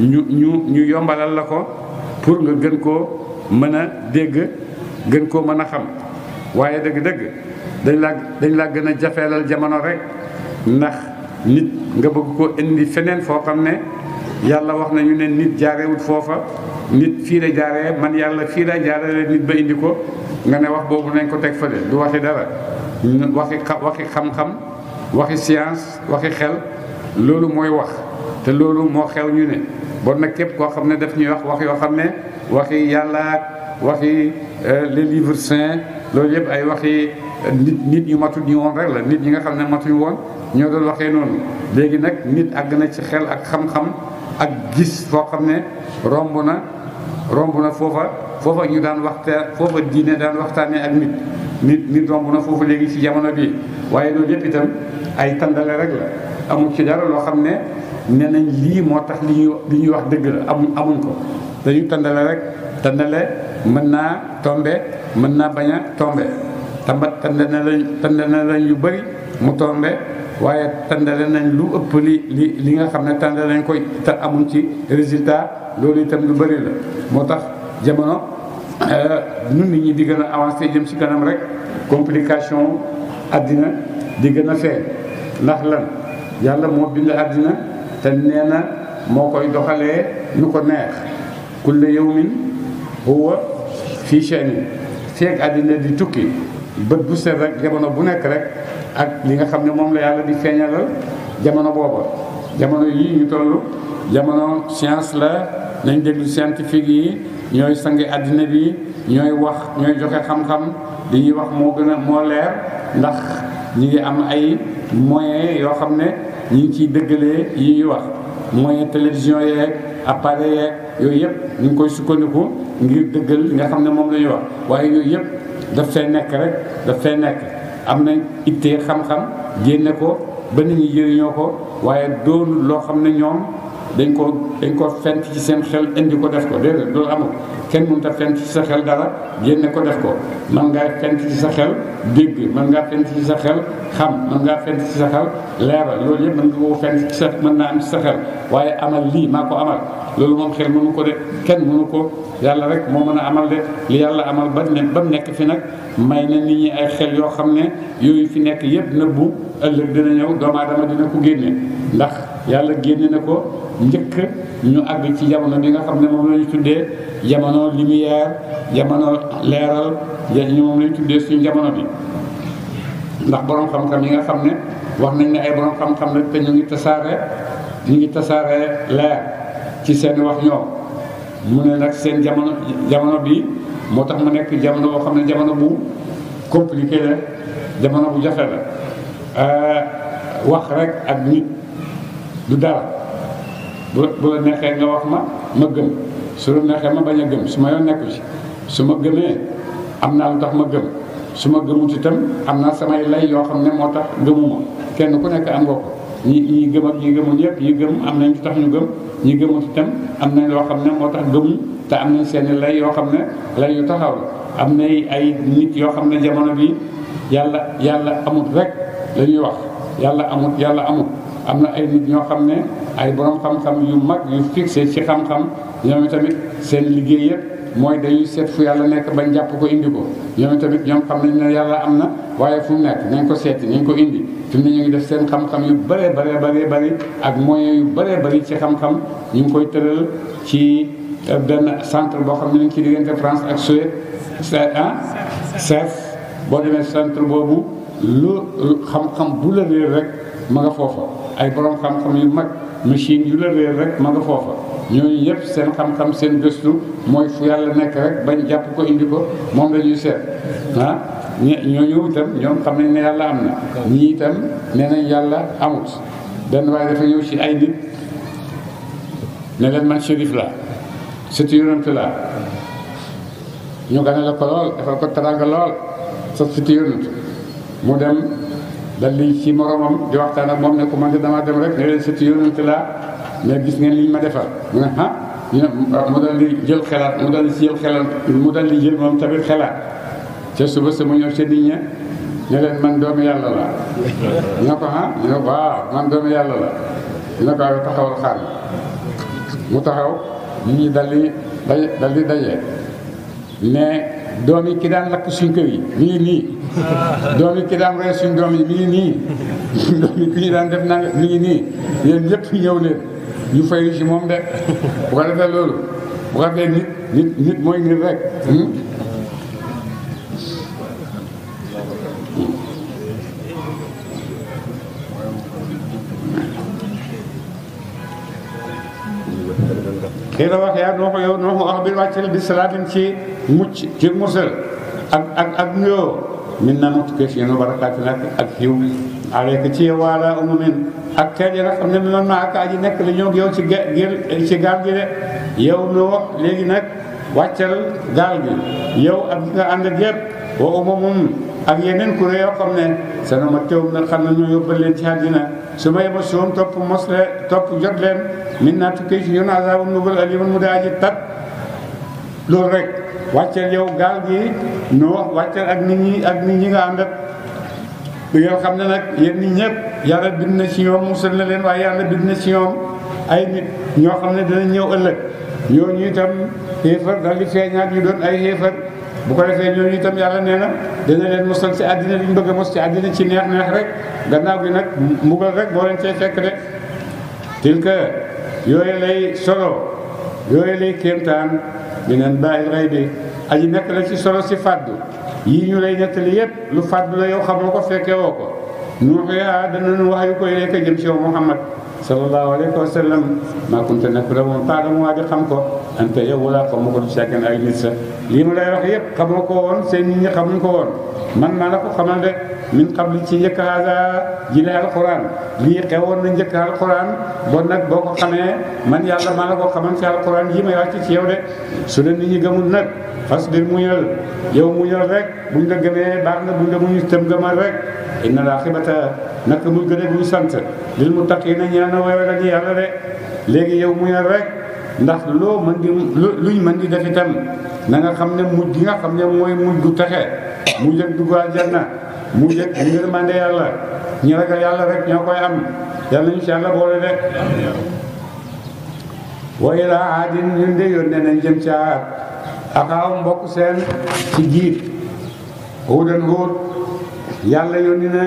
ñu ñu ñu yombalal la ko pour nga gën koo mën a dégg gën koo mën a xam waaye dëgg-dëgg dañ laa dañ laa gën a jafeelal jamono rek ndax nit nga bëgg ko indi feneen foo xam ne yàlla wax na ñu ne nit jaarewut foofa nit fii la jaaree man yàlla fii la jaaree nit ba indi ko nga ne wax boobu nañ ko teg fa fële du waxi dara waxi waxi xam-xam waxi science waxi xel loolu mooy wax te loolu moo xew ñu ne bon nag képp koo xam ne daf ñuy wax wax yoo xam ne waxi yàlla waxi euh, les livres saints loolu yëpp ay waxi euh, nit nit ñu matu ñu woon rek la nit ñi nga xam ne matuñu woon ñoo doon waxee noonu léegi nag nit àgg na ci xel ak xam-xam ak gis foo xam ne romb na romb na foofa foofa ñu daan waxta foofa diine daan waxtaanee ak nit nit nit romb na foofu léegi ci jamono bi waaye loolu yëpp itam ay tàndale rek la amul ci dara loo xam ne ne nañ lii moo tax li ñuy li ñuy wax dëgg la amuñ amuñ ko dañuy tàndale rek tàndale mën naa tombe mën naa bañ a tombe tambat tandale nañ tandale nañ yu bëri mu tombe waaye tandale nañ lu ëpp li li li nga xam ne tandale nañ koy te amuñ ci résultat loolu itam lu bëri la moo tax jamono euh, nu nit ñi di gën a avancé jëm ci kanam rek complication àddina di gën a feeñ ndax lan yàlla moo bind àddina te nee na moo koy doxalee nu ko neex kulle yawmin huwa fii chaine feeg àddina di tukki bët bu set rek jamono bu nekk rek ak li nga xam ne moom la yàlla di feeñalal jamono booba jamono yii ñu toll jamono science la nañ déglu scientifique yi ñooy sange àddina bi ñooy wax ñooy joxe xam-xam li ñuy wax moo gën a moo leer ndax ñi ngi am ay moyen yoo xam ne ñi ngi ciy déggalee yi ñuy wax moyen télévision yee appareil yeeg yooyu yëpp ñu koy sukkandiku ngir dëggal nga xam ne moom lañu ñuy waaye yooyu yëpp daf fee nekk rek daf fee nekk am na ite xam-xam génne ko ba nit ñi jëriñoo ko waaye doonul loo xam ne ñoom dañ koo dañ koo fent ci seen xel indi ko def ko déedéet loolu amul kenn mënut a fent ci sa xel dara génne ko def ko man ngaa fent ci sa xel dégg man ngaa fent ci sa xam man ngaa fent ci sa xel leeral loolu yëpp mën nga koo fent ci sa mën naa am ci sa xel waaye amal lii maa ko amal loolu moom xel mënu ko de kenn mënu ko yàlla rek moo mën a amal de li yàlla amal ba ne ba mu nekk fi nag may na nit ñi ay xel yoo xam ne yooyu fi nekk yëpp nëbbu ëllëg dina ñëw doomu aadama dina ko génne ndax yàlla génne na ko njëkk ñu àgg ci jamono bi nga xam ne moom la ñu tuddee jamono lumière jamono leeral ñu moom la tuddee suñu jamono bi ndax boroom xam-xam yi nga xam ne wax nañ ne ay borom xam-xam la te ñu ngi tasaare ñu ngi tasaare leer ci seen wax ñoom mu ne nag seen jamono jamono bi moo tax mu nekk jamono boo xam ne jamono bu compliqué la jamono bu jafe la euh, wax rek ak nit du dara bu bu la nga wax ma ma gëm su la ma bañ a gëm su ma yoon nekku ci su ma gëmee am naa lu tax ma gëm su ma gëmut itam am naa samay lay yoo xam ne moo tax gëmuma kenn ku nekk am ñi ñi gëm ñi gëmul yëpp ñi gëm am nañ lu tax ñu gëm ñi gëmut itam am nañ loo xam ne moo tax gëmuñ te am nañ seeni lay yoo xam ne lay yu taxaw am na ay nit yoo xam ne jamono bii yàlla yàlla amut rek lañuy wax yàlla amut yàlla amut am na ay nit ñoo xam ne ay borom xam-xam yu mag yu fixé ci xam-xam ñoom tamit seen liggéey yëpp mooy dañuy seet fu yàlla nekk ba jàpp ko indi ko ñoom tamit ñoom xam nañ ne yàlla am na waaye fu mu nekk nañ ko seeti nañ ko indi fi mu ne ñu ngi def seen xam-xam yu bëree bëree bëree bëri ak moyens yu bëree bari ci xam-xam ñu ngi koy tëral ci euh, benn centre boo xam ne ñu ci diggante France ak Suède ah CERF boo demee centre boobu lu xam bu la rek ma nga foofa ay boroom xam-xam yu mag machine yu la réer rek ma nga foofa ñooñu yëpp seen xam-xam seen gëstu mooy fu yàlla nekk rek bañ jàpp ko indi ko moom la ñuy seet ah ñooñu itam ñoom xam nañ ne yàlla am na ñii itam yàlla amut benn waaye dafa ñëw ci ay nit ne leen man shérif la sëtu yonent la ñu gane la ko lool defal ko teraanga lool sa sëtu yonent mu dem dal di ci moromam di waxtaan ak moom ne ko man de damaa dem rek ne leen sëtu yonent laa mais gis ngeen liñ ma defal mu ne ah, ah mu dal jël xelaat mu dal jël xelaat mu moom xelaat ca suba sa mu ñëw ca nit ña ne leen man doomu yàlla la ñu ko ah ñu ne ko waaw man doomu yàlla la ñu ne ko waaw mu taxaw nit ñi dal di daje dal daje ne doom yi ki daan lakk suñ kër yi mi ngi nii ah. doom yi ki daan rey suñ doom yi mi ngi nii doom ki daan def na mi ngi nii yéen ñëpp ñëw leen ñu fay ci moom de bu ko defee loolu bu ko defee nit mooy nit rek hmm? dina wax yaa yow noo ko wax bi wàccel bi salaatin ci mucc ci musal ak ak ak nuyoo min na mut kef yéen barakaati nag ak xiw aleyka ci waala umumin ak teel yi nga xam ne man maa kaa ji nekk la ñoo yow ci gé ci gaal gi de yow noo wax léegi nag wàccal gaal gi yow ak nga ànd ak wa umumum ak yeneen kuréel yoo xam ne sana ma teew na xam ne ñoo yóbbal leen ci àddina su ma yema suum topp mos leen topp jot leen min naa tukkee ci ñun azaabun nubal alimun mu daa ji tat loolu rek wàcceel yow gaal gi noo wàcceel ak nit ñi ak nit ñi nga ànd ak yoo xam ne nag yéen nit ñëpp yàlla bind na si ñoom musal na leen waaye yàlla bind na ci ñoom ay nit ñoo xam ne dinañ ñëw ëllëg ñoo ñu itam xéefar dal di feeñaat ñu doon ay xéefar bu ko defee ñooñu tam yàlla nee na dina leen mosal ci àddina li ñu bëgg mos ci àddina ci neex neex rek gannaaw bi nag mbugal rek boo leen cee fekk de tilka yooyu lay solo yooyu lay kéemtaan mineen bàyyil rey bi aji nekk la ci solo si fàddu yii ñu lay nettali yépp lu fàddu la yow xamoo ko fekke woo ko nuuxyaa danañu wax yu koy lekk jëm ci yow muhammad sallallahu alayhi wa sallam maa kunte nekk la moom taalamu waa di xam ko ante yow wala ko ma ko du ay nit lii mu lay wax yëpp xamoo ko woon seen nit ñi xamuñ ko woon man maa la ko xamal de min xam li ci njëkk haasa ji ne alquran lii xewoon na njëkk alquran bon nag boo ko xamee man yàlla maa la ko xamal ci alquran yi may wàcc ci yow de su la nit ñi gëmul nag fas bir muñal yow muñal rek buñ la gëmee baax na buñ la muñu tëm gëmal rek inna laa xibata naka muy gën a sant lil muttaqina ñaan na way ragal yàlla de léegi yow muñal rek ndax loo mën di luñ mën di def itam na nga xam ne mujj gi nga xam ne mooy mujj gu texe mu yëg dugg aljanna mu yëg ngërmande yàlla ñi ragal yàlla rek ñoo koy am yàlla insha allah boole de wa ilaa aadin ñun de yónnee nañ jëm ci aad axaawum mbokk seen ci jiit huudan huud yàlla yónni na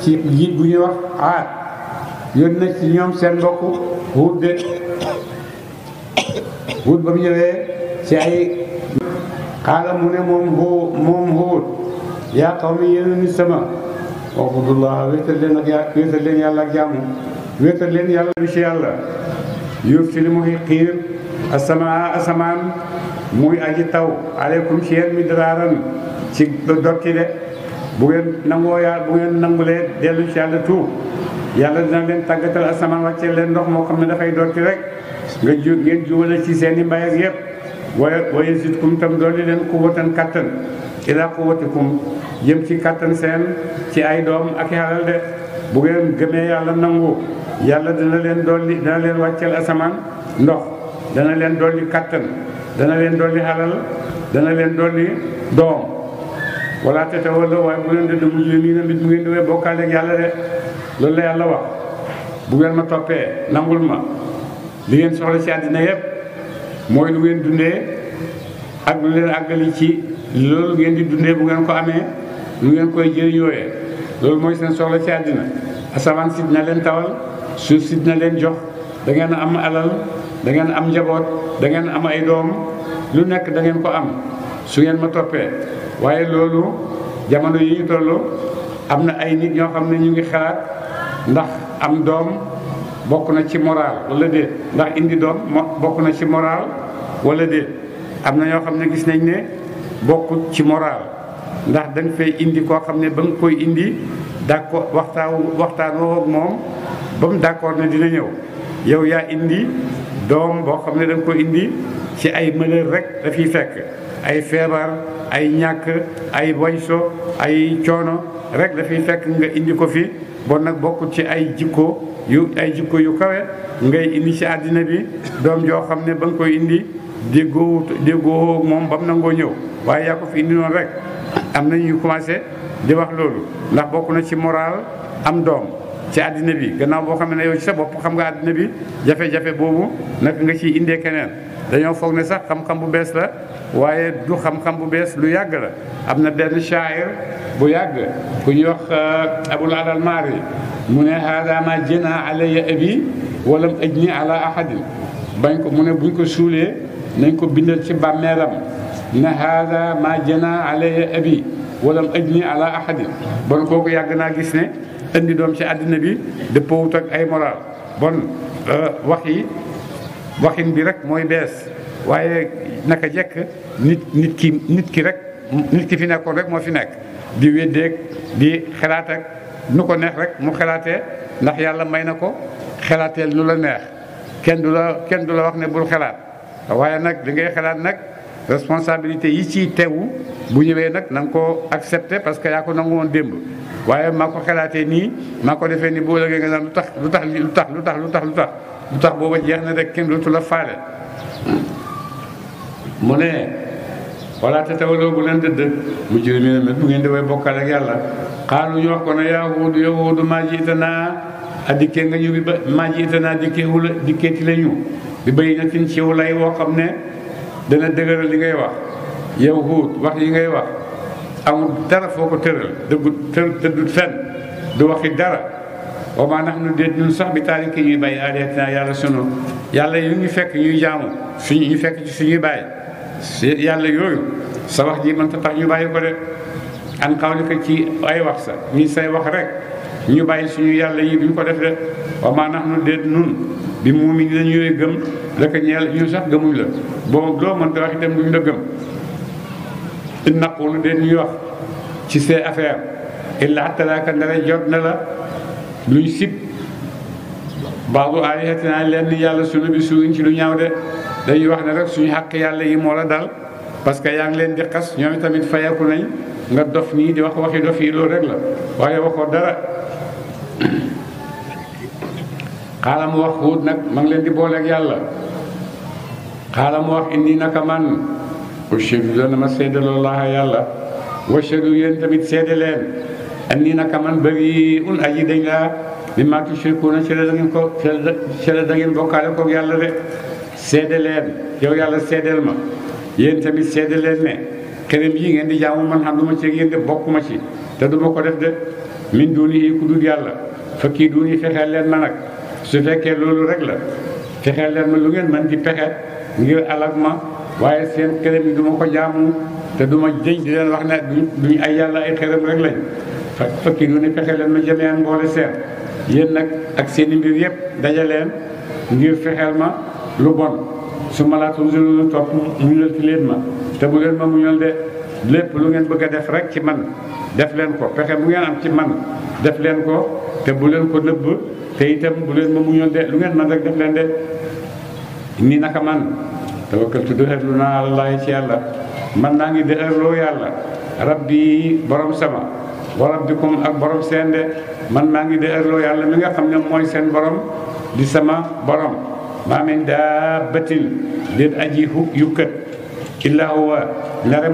ci jiit bu ñuy wax aad yónni na ci ñoom seen mbokk huud de wut ba mu ñëwee ci ay xaala mu ne moom xóo moom xóot yaa xaw mi yéen nit sama wabudullah wéetal leen ak yà wéetal leen yàlla ak jàmm wéetal leen yàlla bi ci yàlla yuuf ci li muy xiir asamaa asamaan muy aji taw aleykum ci yéen mi daraaran ci dotti de bu ngeen nangu yaa bu ngeen nangulee dellu ci yàlla tuub yàlla dina leen tàggatal asamaan wàccee leen ndox moo xam ne dafay dotti rek nga ju ngeen jubale ci seeni i mbay ak yëpp waya waya zidkum tam dolli leen quwwatan kattan ila quwwatikum jëm ci kàttan seen ci ay doom ak xalal de bu ngeen gëmee yàlla nangu yàlla dana leen dolli dana leen wàcceel asamaan ndox dana leen dolli kàttan dana leen dolli xalal dana leen dolli doom wala te wala waaye bu leen dëdd mujj nii na mbit bu ngeen di wee bokkaale ak yàlla de loolu la yàlla wax bu ma toppee nangul ma li ngeen soxla ci àddina yëpp mooy lu ngeen dundee ak lu leen àggali ci loolu ngeen di dundee bu ngeen ko amee lu ngeen koy jëriñooyee loolu mooy seen soxla ci àddina asamaan si na leen tawal su si na leen jox dangeen ngeen am alal da ngeen am njaboot da ngeen am ay doom lu nekk da ngeen ko am su ngeen ma toppee waaye loolu jamono yi ñu toll am na ay nit ñoo xam ne ñu ngi xalaat ndax am doom bokk na ci moral wala déet ndax indi doom bokk na ci moral walla déet am na ñoo xam ne gis nañ ne bokkut ci moral ndax da nga indi koo xam ne ba nga koy indi d'accord waxtaan waxtaan woo ak moom ba mu d'accord ne dina ñëw yow yaa indi doom boo xam ne da nga koy indi ci ay malheur rek dafiy fekk ay feebar ay ñàkk ay wayso ay coono rek dafiy fekk nga indi ko fi bon nag bokkul ci ay jikko yu ay jikko yu kawe ngay indi ci àddina bi doom joo xam ne ba nga koy indi déggoo déggoo moom ba mu nangoo ñëw waaye yaa ko fi indi noonu rek am na ñuy commencé di wax loolu ndax bokk na ci moral am doom ci àddina bi gannaaw boo xam ne yow ci sa bopp xam nga àddina bi jafe-jafe boobu nag nga ci indee keneen dañoo foog ne sax xam-xam bu bees la waaye du xam-xam bu bees lu yàgg la am na benn shaayir bu yàgg ku ñuy wax euh, abul alal maari mu ne haada ma jëna alayya abi walam ajni ala ko mu ne buñ ko suulee nañ ko bindal ci bàmmeelam ne haada ma jëna alayya abi walam kooku yàgg naa gis ne indi doom ci àddina bi dëppoowut ak ay moral bon euh, wax waxin bi rek mooy bees waaye naka jekk nit nit ki nit ki rek nit ki fi nekkoon rek moo fi nekk di weddeeg di xalaat nu ko neex rek mu xalaatee ndax yàlla may na ko xalaateel lu la neex kenn du la kenn du la wax ne bul xalaat waaye nag li ngay xalaat nag responsabilité yi ci teewu bu ñëwee nag nanga nga ko accepté parce que yaa ko nangu woon démb waaye maa ko xalaatee nii maa ko defee nii boo lëgee nga naan lu tax lu tax lu tax lu tax lu tax lu tax lu tax booba jeex na rek kenn dootu la faale mu ne wala te tawaloo bu leen dëddët mu jël mi ne bu ngeen di way bokkal ak yàlla xaalu ñu wax ko ne yaa wuudu yow wuudu maa jiitanaa nga ñu bi ba maa jiitanaa dikkee wula dikkeeti la ñu bi bay na tin ciw lay woo xam ne dana dëgëral li ngay wax yow huut wax yi ngay wax amul dara foo ko tëral dëggu tër tëddut fenn du waxi dara wa maa nax nu déet ñun sax bi taaliki ñuy bàyyi aaleetinaa yàlla sunu yàlla yu ñu fekk ñuy jaamu suñu ñu fekk ci suñuy bàyyi si yàlla yooyu sa wax ji mën ta tax ñu bàyyi ko de an xawlika ci ay wax sa ñi say wax rek ñu bàyyi suñu yàlla yi duñ ko def de wa maa nax nu déet nun bi ñu sax gëmuñ la boo loo mën ta wax itam duñ la gëm in naqulu déet ñuy wax ci say affaire illaa talaaka ndara jot na la sib baaxu aalihatinaa lenn yàlla sunu bi suuñ ci lu ñaaw de dañuy wax ne rek suñu xàq yàlla yi moo la dal parce que yaa ngi leen di xas ñoom tamit fayeku nañ nga dof nii di wax waxi dof yi loolu rek la waaye waxoo dara xaala mu nag ma ngi leen di booleeg yàlla xaala mu wax indi naka man ushidu tamit seede leen indi naka man bari un aji dañ laa bi maa tushrikuuna ci la da ngeen ko ci la da ngeen bokkaale koog yàlla de seede leen yàlla seedeel ma yéen tamit seede leen ne xërëm yi ngeen di jaamu man xam duma ma ci yéen bokk ma ci te du ma ko def de min duuni yi ku dul yàlla fakki duuni fexeel leen ma nag su fekkee loolu rek la fexeel leen ma lu ngeen mën di pexe ngir alak ma waaye seen xërëm yi du ko jaamu te du ma jëñ di leen wax ne duñ ay yàlla ay xërëm rek lañ fakki duuni fexeel leen ma jëmeen boole seen yéen nag ak seen i mbir yëpp dajaleen ngir fexeel ma lu bon su ma laatum lu topp muñal fi leen ma te bu leen ma muñal de lépp lu ngeen bëgg a def rek ci man def leen ko pexe bu ngeen am ci man def leen ko te bu leen ko nëbb te itam bu leen ma muñal de lu ngeen man rek def leen de ni naka man tawakkaltu dëxërlu naa alallaahi ci yàlla man naa ngi dëxërloo yàlla rabbi borom sama wa rabbikum ak borom seen de man maa ngi de delloo yàlla mi nga xam ne mooy seen borom di sama borom maa min daabatin déet aji yukkat illa huwa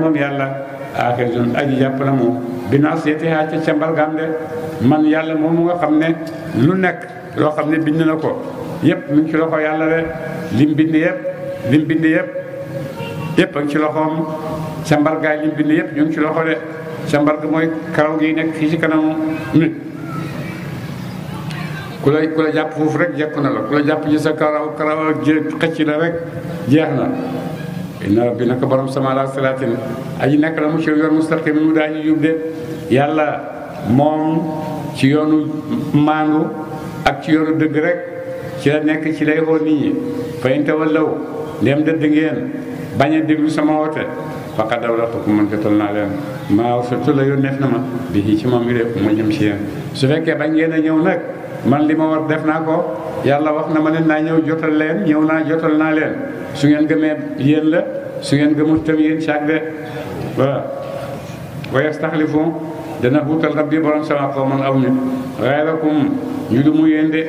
moom yàlla aaxizun aji jàpp la moom bi naasiyatihaa man yàlla moomu nga xam ne lu nekk loo xam ne bind na ko yëpp mu ngi ci loxo yàlla de lim bind yëpp lim bind yëpp yëpp a ci loxoom càmbargaay lim bind yëpp ñu ngi ci loxo de sa mbarg mooy karaw gi nekk fii ci kanam nit ku la ku la jàpp foofu rek jekku na la ku la jàpp ci sa karaw karaw ak jé xëcc la rek jeex na inna rabbi naka borom sama la salaatin aji nekk la mu ci yoon mustaqim mu daa ñu jub de yàlla moom ci yoonu maandu ak ci yoonu dëgg rek ci la nekk ci lay xool nit ñi fayin tawallaw ndem dëdd ngeen bañ a sama woote faqad awlaqakum man jotal naa leen maa surtout la yónneef na ma bi ci moom iré mu jëm si yéen su fekkee bañ ngeen a ñëw nag man li ma war def naa ko yàlla wax na ma leen naa ñëw jotal leen ñëw naa jotal naa leen su ngeen gëmee yéen la su ngeen gëmut tam yéen caag de voilà wa yastaxlifun dana wuutal rabbi borom sama qawman aw nit gayrakum ñu du mu yéen de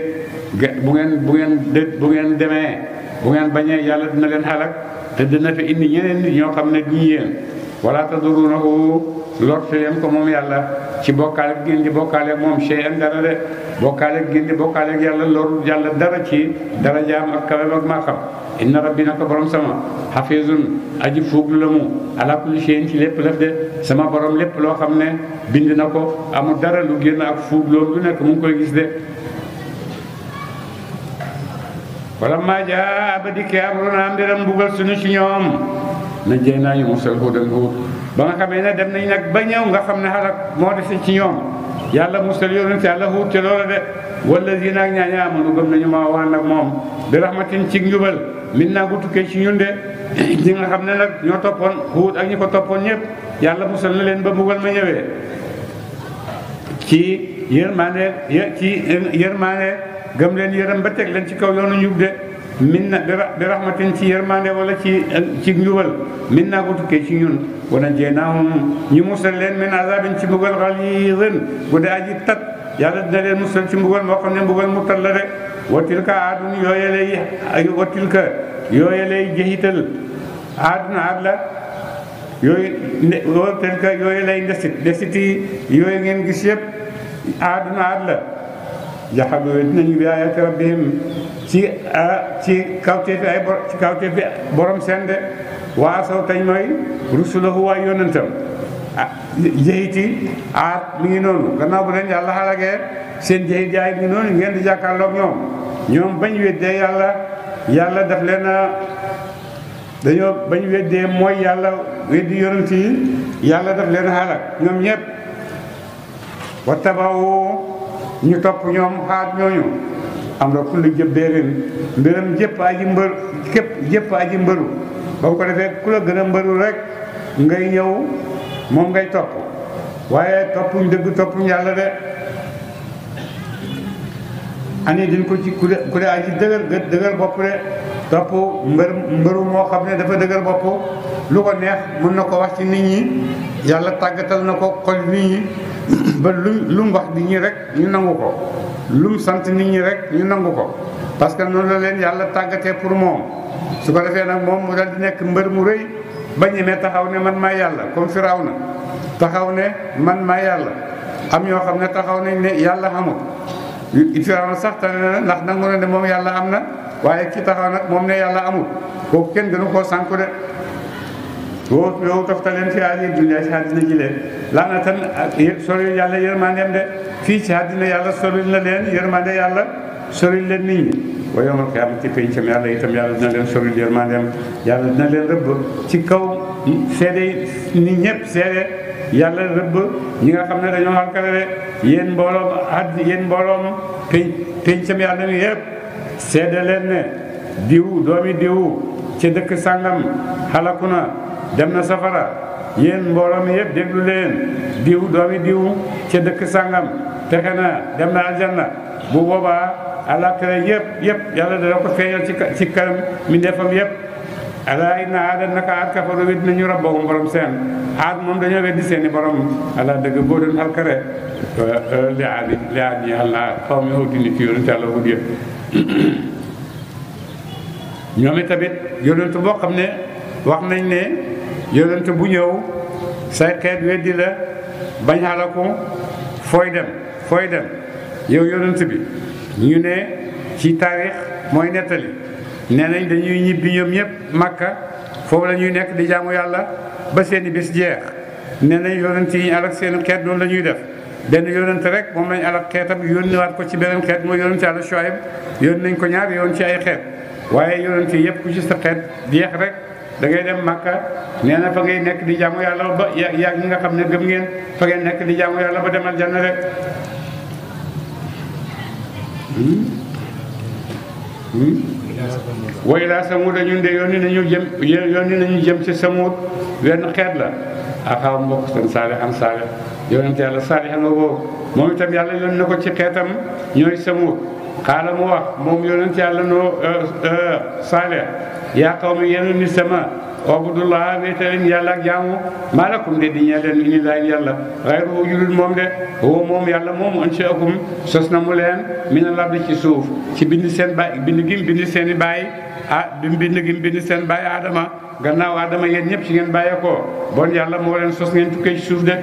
bu ngeen bu ngeen bu ngeen demee bu ngeen bañee yàlla dina leen xalak te dina fi indi ñeneen nit ñoo xam ne duñu yéen wala tadurrunahu lorte leen ko moom yàlla ci bokkaale ak ngeen di bokkaale ak moom shay'an dara de bokkaale ak ngeen di dara ci dara jaam ak kawem ak maa xam inna rabbi naka borom sama hafizun aji fuuglu la mu ala kulli shay'in ci lépp laf de sama borom lépp loo xam ne bind na ko amul dara lu génn ak fuugloom lu nekk mu koy gis de wala maa jaa ba dikkee amrunaa mbiram mbugal suñu ci ñoom na jey naa ñu musal huudan huud ba nga xamee ne dem nañ nag ba ñëw nga xam ne xalak moo dese ci ñoom yàlla musal yonent yàlla huud ci loola de wala yi naag ñaa ñaa amanu gëm nañu maa waan nag moom bi rahmatin ci njubal min naa gu tukkee ci ñun de ñi nga xam ne nag ñoo toppoon huud ak ñi ko toppoon ñëpp yàlla musal na leen ba mbugal ma ñëwee ci yërmande ci yërmande gëm leen yërëm ba teg leen ci kaw yoonu njub de min na bi rahmatin ci yërmande wala ci ci njubal min naa ko tukkee ci ñun wana jee naahum ñu musal leen min azabin ci mbugal xaliidin bu dee aji tat yàlla dina leen musal ci mbugal moo xam ne mbugal mu tat la de wa tilka aadun yooye lay wa tilka yooye lay jeexital aadun aad la yooyu wa tilka yooye lay ndesit ndesit yi yooyu ngeen gis yëpp aadun aad la jaxadu wet nañu bi ayati rabbihim ci ci kawteefi ay ci kawteefi borom seen de waa saw tañ mooy rusulahu waay yonentam ah jëyiti aat ngi noonu gannaaw bu leen yàlla seen jëyit jaay ngi noonu ngeen di jàkkaarloog ñoom ñoom bañ weddee yàlla yàlla daf leen a dañoo bañ weddee mooy yàlla weddi yonent yi yàlla daf leen a ñoom ñëpp wa tabawu ñu topp ñoom xaat ñooñu am ra kulli jëbbeerin mbiram jëpp aji mbër képp jëpp aji mbëru ba ko defee ku la gën a mbëru rek ngay ñëw moom ngay topp waaye toppuñ dëgg toppuñ yàlla de ani din ko ci ku de ku de aji dëgër dëgër bopp de topp mbër mbëru moo xam ne dafa dëgër bopp lu ko neex mën na ko wax ci nit ñi yàlla tàggatal na ko xol nit ñi ba lu lu wax nit ñi rek ñu nangu ko lu sant nit ñi rek ñu nangu ko parce que noonu la leen yàlla tàggatee pour moom su ko defee nag moom mu dal di nekk mbër mu rëy ba ñemee taxaw ne man maa yàlla comme firaw na taxaw ne man maa yàlla am ñoo xam ne taxaw nañ ne yàlla xamul firaw na sax tane na ndax nangu ne moom yàlla am na waaye ki taxaw nag moom ne yàlla amul kooku kenn gënu koo wo yow toftaleen fi aajir dunya si àddina ji leen laanatan e, sori yàlla yërmandeem de fii ci àddina yàlla sori na leen yërmande yàlla sori leen nit ñi wa yowmal qiyaama ci pencam yàlla itam yàlla dina leen sori yërmandeem yàlla dina leen rëbb ci kaw seede nit ñëpp seede yàlla rëbb ñi nga xam ne dañoo xalkale de yéen mbooloom àdd yéen mbooloom pen pencam yàlla mi yëpp seede leen ne diw doomi diw ca dëkk sàngam xalaku na dem na safara yéen mbooloo mi yëpp déglu leen diw doomi diw ca dëkk sàngam te na dem na aljanna bu boobaa àllaaxira yëpp yëpp yàlla dana ko feeñal ci ci kanam mi defam yëpp alaa inna aadan naka aad kafaru wet nañu rabbahum borom seen aad moom dañoo weddi seeni borom ala dëgg boo doon xalkare e, li aadi li aad ñi xal na aad xaw mi awtini ci yonent yàlla wut yëpp ñoom tamit yonentu boo xam ne wax nañ ne yonent bu ñëw say xeet weddi la bañ xalaku fooy dem fooy dem yow yonent bi ñu ne ci taarix mooy nettali nee nañ dañuy ñibbi ñoom ñëpp màkka foofu la ñuy nekk di jaamu yàlla ba seeni bis jeex nee nañ yonent yi ñu alak seen xeet noonu la ñuy def benn yonent rek moom lañ alak xeetam yónniwaat ko ci beneen xeet mooy yonent yàlla Shuayb yónni nañ ko ñaar yoon ci ay xeet waaye yonent yi yëpp ku ci sa xeet jeex rek dangay dem Makka nee na fa ngay nekk di jaamu yàlla ba yaa ñi nga xam ne gëm ngeen fa ngeen nekk di jaamu yàlla ba demal janna rek hmm? Hmm? way laa samuud a ñun de yónni nañu jëm yónni nañu jëm ci samuud wenn xeet la axaaw mbokk seen saale am saale yonent yàlla saale nga boobu moom itam yàlla yónni na ko ci xeetam ñooy samuud xaala mu wax moom yonent yàlla noo euh, euh, saale yaa qawmi yéen nit sama obudullaha wéete leen yàlla ak jaamu maa lakum de di ñee leen mi ñu laaj yàlla xayruhu julul moom de woo moom yàlla moomu anshaakum sos na mu leen mi na labdi ci suuf ci bind seen baay bind gim bind seen i baay ah bind gim bind seen baay aadama gannaaw aadama yéen ñëpp ci ngeen bàyyee ko bon yàlla moo leen sos ngeen tukkee ci suuf de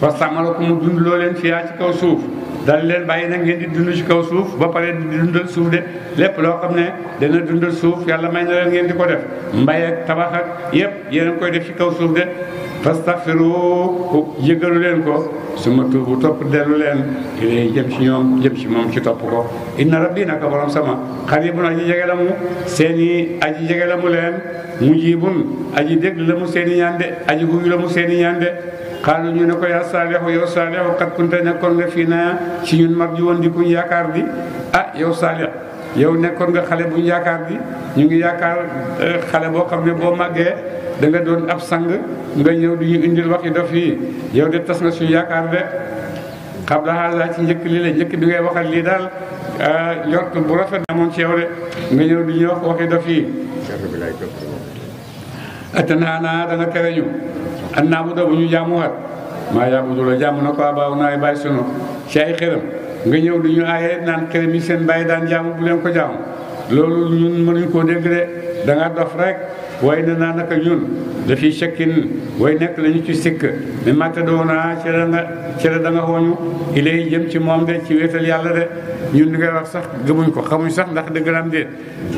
wa samalakum mu dund loo leen fiyaa ci kaw suuf dal leen bàyyi nag ngeen di dund ci kaw suuf ba pare di dundal suuf de lépp loo xam ne dana dundal suuf yàlla may na leen ngeen di ko def mbay ak tabax ak yëpp yéen a koy def ci kaw suuf de fastaxfiru yëgalu leen ko suma bu topp dellu leen ilay jëm ci ñoom jëm ci moom ci topp ko inna rabbi na borom sama xaribun aji jege la mu seeni aji jege la mu leen mujibun aji dégg la mu seeni ñaan de aj guyu la mu seeni ñaan de xaalu ñu ne ko yaa saalihu yow saalihu kat kunte nekkoon nga fii na ci ñun mar ji woon di kuñ yaakaar di ah yow saalih yow nekkoon nga xale buñ yaakaar bi ñu ngi yaakaar eh, xale boo xam ne boo màggee da nga doon ab sang nga ñëw di ñu indil wax yi dof yi yow de tas nga suñu yaakaar de xam la ci njëkk lii la njëkk bi ngay waxal lii daal eh, njort bu rafet amoon ci yow de nga ñëw di ñu wax waxi dof yi atanaana da nga tere ñu an naa bu doobu ñu jaamuwaat maa yaabudu la jaamu na ko abaaw naay bàyyi sunu ci ay xërëm nga ñëw du ñu aaye naan xërëm yi seen bàyyi daan jaamu bu leen ko jaamu loolu ñun mënuñ koo dégg de da dof rek waaye na naa naka ñun la fi shakkin way nekk lañu ci sikk mi matta doona ci la nga ci la da nga xooñu ilay jëm ci moom de ci wéetal yàlla de ñun li ngay wax sax gëmuñ ko xamuñ sax ndax dëgg naam déet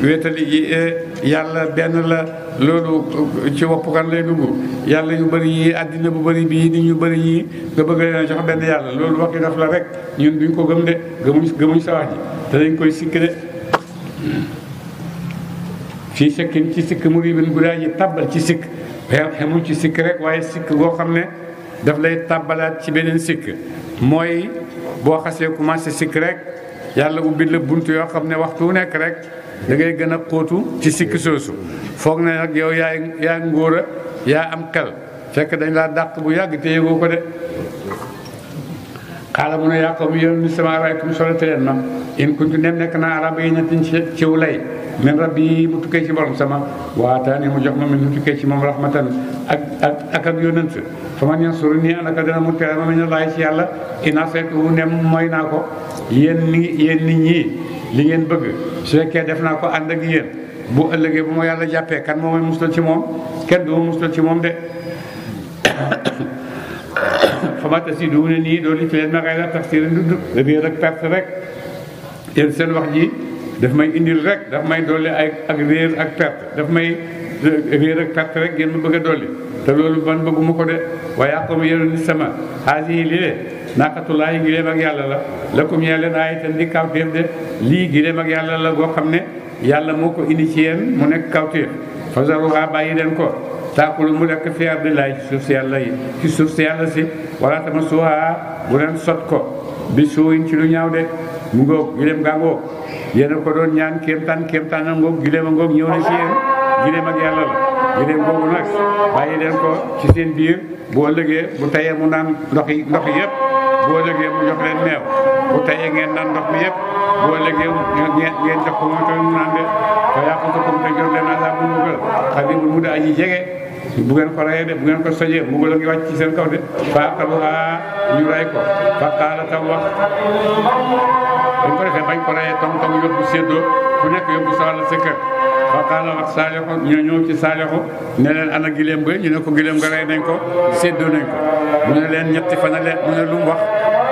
wéetal eh, yàlla benn la loolu ci wopp kan lay dugg yàlla yu bëri yii àddina bu bëri bii nit ñu bëri ñii nga bëgg jox benn yàlla loolu waxi daf la rek ñun duñ ko gëm de gëmuñ gëmuñ sa wax ji te dañ koy sikk de fii sekkin ci sikk muribin gu daaji tàbbal ci sikk xemul ci sikk rek waaye sikk goo xam ne daf lay tàbbalaat ci beneen sikk mooy boo xasee commencé sikk rek yàlla ubbi la bunt yoo xam ne waxtu wu nekk rek da ngay gën a xóotu ci sikk soosu foog na nag yow yaay yaa yaa am xel fekk dañ laa dàq bu yàgg te yëgoo ko de xaala mun a mu yéen ni sama raytum solo te leen ma in kuntu nekk naa araba yi ñettiñ ci ciw lay min rabbi mu tukkee ci borom sama waataani mu jox ma mu tukkee ci moom rahmatan ak ak ak ak yonent fa man yansuru nii anaka dana mu tere ma min allaahi ne mooy naa ko yéen ni nit ñi li ngeen bëgg su def naa ko ànd ak yéen bu ëllëgee bu ma yàlla jàppee kan moo may musal ci moom kenn du ma musal ci moom de xamante si du ne nii doo li ci leen ma ngay la ak perte rek yéen seen wax ji daf may indil rek daf may dolli ay ak réer ak perte daf may eh, réer ak perte rek gen ma bëgg a dolli te loolu ban bëgguma ko de waaye yàqoom yéen ni sama xaasi yi lii de naqatulaayi gileem ak yàlla la lakum yàlla aaya tan di kawteef de lii gileem ak yàlla la goo xam ne yàlla moo ko indi ci yéen mu nekk kawteef fasaruha bàyyi leen ko taakulu mu lekk fi di ci suuf si yàlla yi ci suuf si yàlla si wala tama suuha bu leen sot ko bi suuyin ci lu ñaaw de mu ngoog gileem gaa ngoog yéen ko doon ñaan kéemtaan kéemtaanam ngoog gileem a ngoog ñëw na ci yéen gileem ak yàlla la gileem googu nag bàyyi leen ko ci seen biir boo legee bu tayee mu naan ndox yi ndox yëpp boo lëgee mu jox leen meew bu tayee ngeen naan ndox mi yëpp boo lëgee ngeen jox ko moom tamit mu naan de fa yàqu ko te jox leen àlla bu mu gël de bu ngeen ko sojee mu ngi wàcc ci seen kaw de fa a ñu ray ko fa qaala tam wax buñ ko defee bañ ko reyee tong-tong yóbbu séddoo ku nekk yóbbu sa wàll sa kër faqaala wax saalixu ñu ñëw ci saalixu ne leen ana giléem ga ñu ne ko giléem ga rey nañ ko séddoo nañ ko mu ne leen ñetti fa a leen mu ne lu wax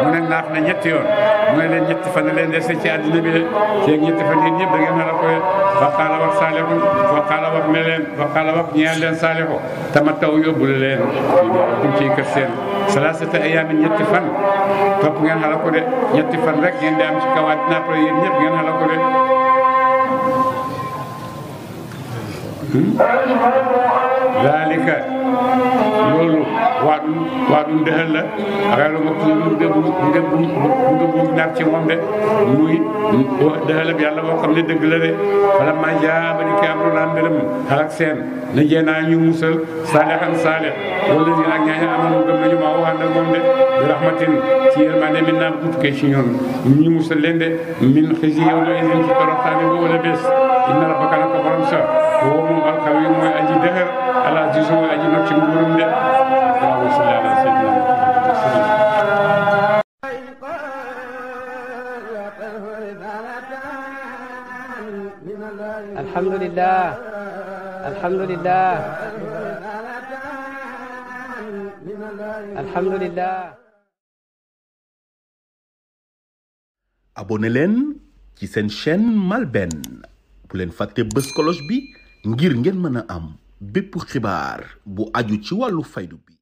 mu ne naax na ñetti yoon mu ne leen ñetti fan leen dese ci àddina bi ñetti fan ngeen nar a koy faqaala wax saale ko faqaala wax ne leen leen saale tama taw yóbbu la leen kum ciy kër seen salaasata ayaamin ñetti fan topp ngeen xala ko ñetti fan rek ngeen di am ci kawaat naa ko yéen ñëpp ngeen xala ko de hmm? zalika loolu waaɗum waaɗum nde hella rewlo makko ɗum ndebu ndebu ndebu narti moom de muy nde hella ɓe allah o kam ne dëgg la de wala ma jaabani ke amrona mbiram halak seen ne jeena ñu musal salihan salih wala ni ak ñaaña amano gëm nañu ma o hande moom de bi rahmatin ci yermande min naam gutke ci ñoon ñu musal leen de min xisi yawma idin ci toroxtaani bo wala bés inna rabbaka naka borom sa wo moom alkawi mooy aji dëgër ala ji suma aji nokki nguurum de allahumma salli ala sayyidina muhammad alhamdulillah alhamdulillah alhamdulillah abonné leen ci seen chaîne MALBN bu leen fàtte bës cloche bi ngir ngeen mën a am bépp xibaar bu aju ci wàllu faydu bi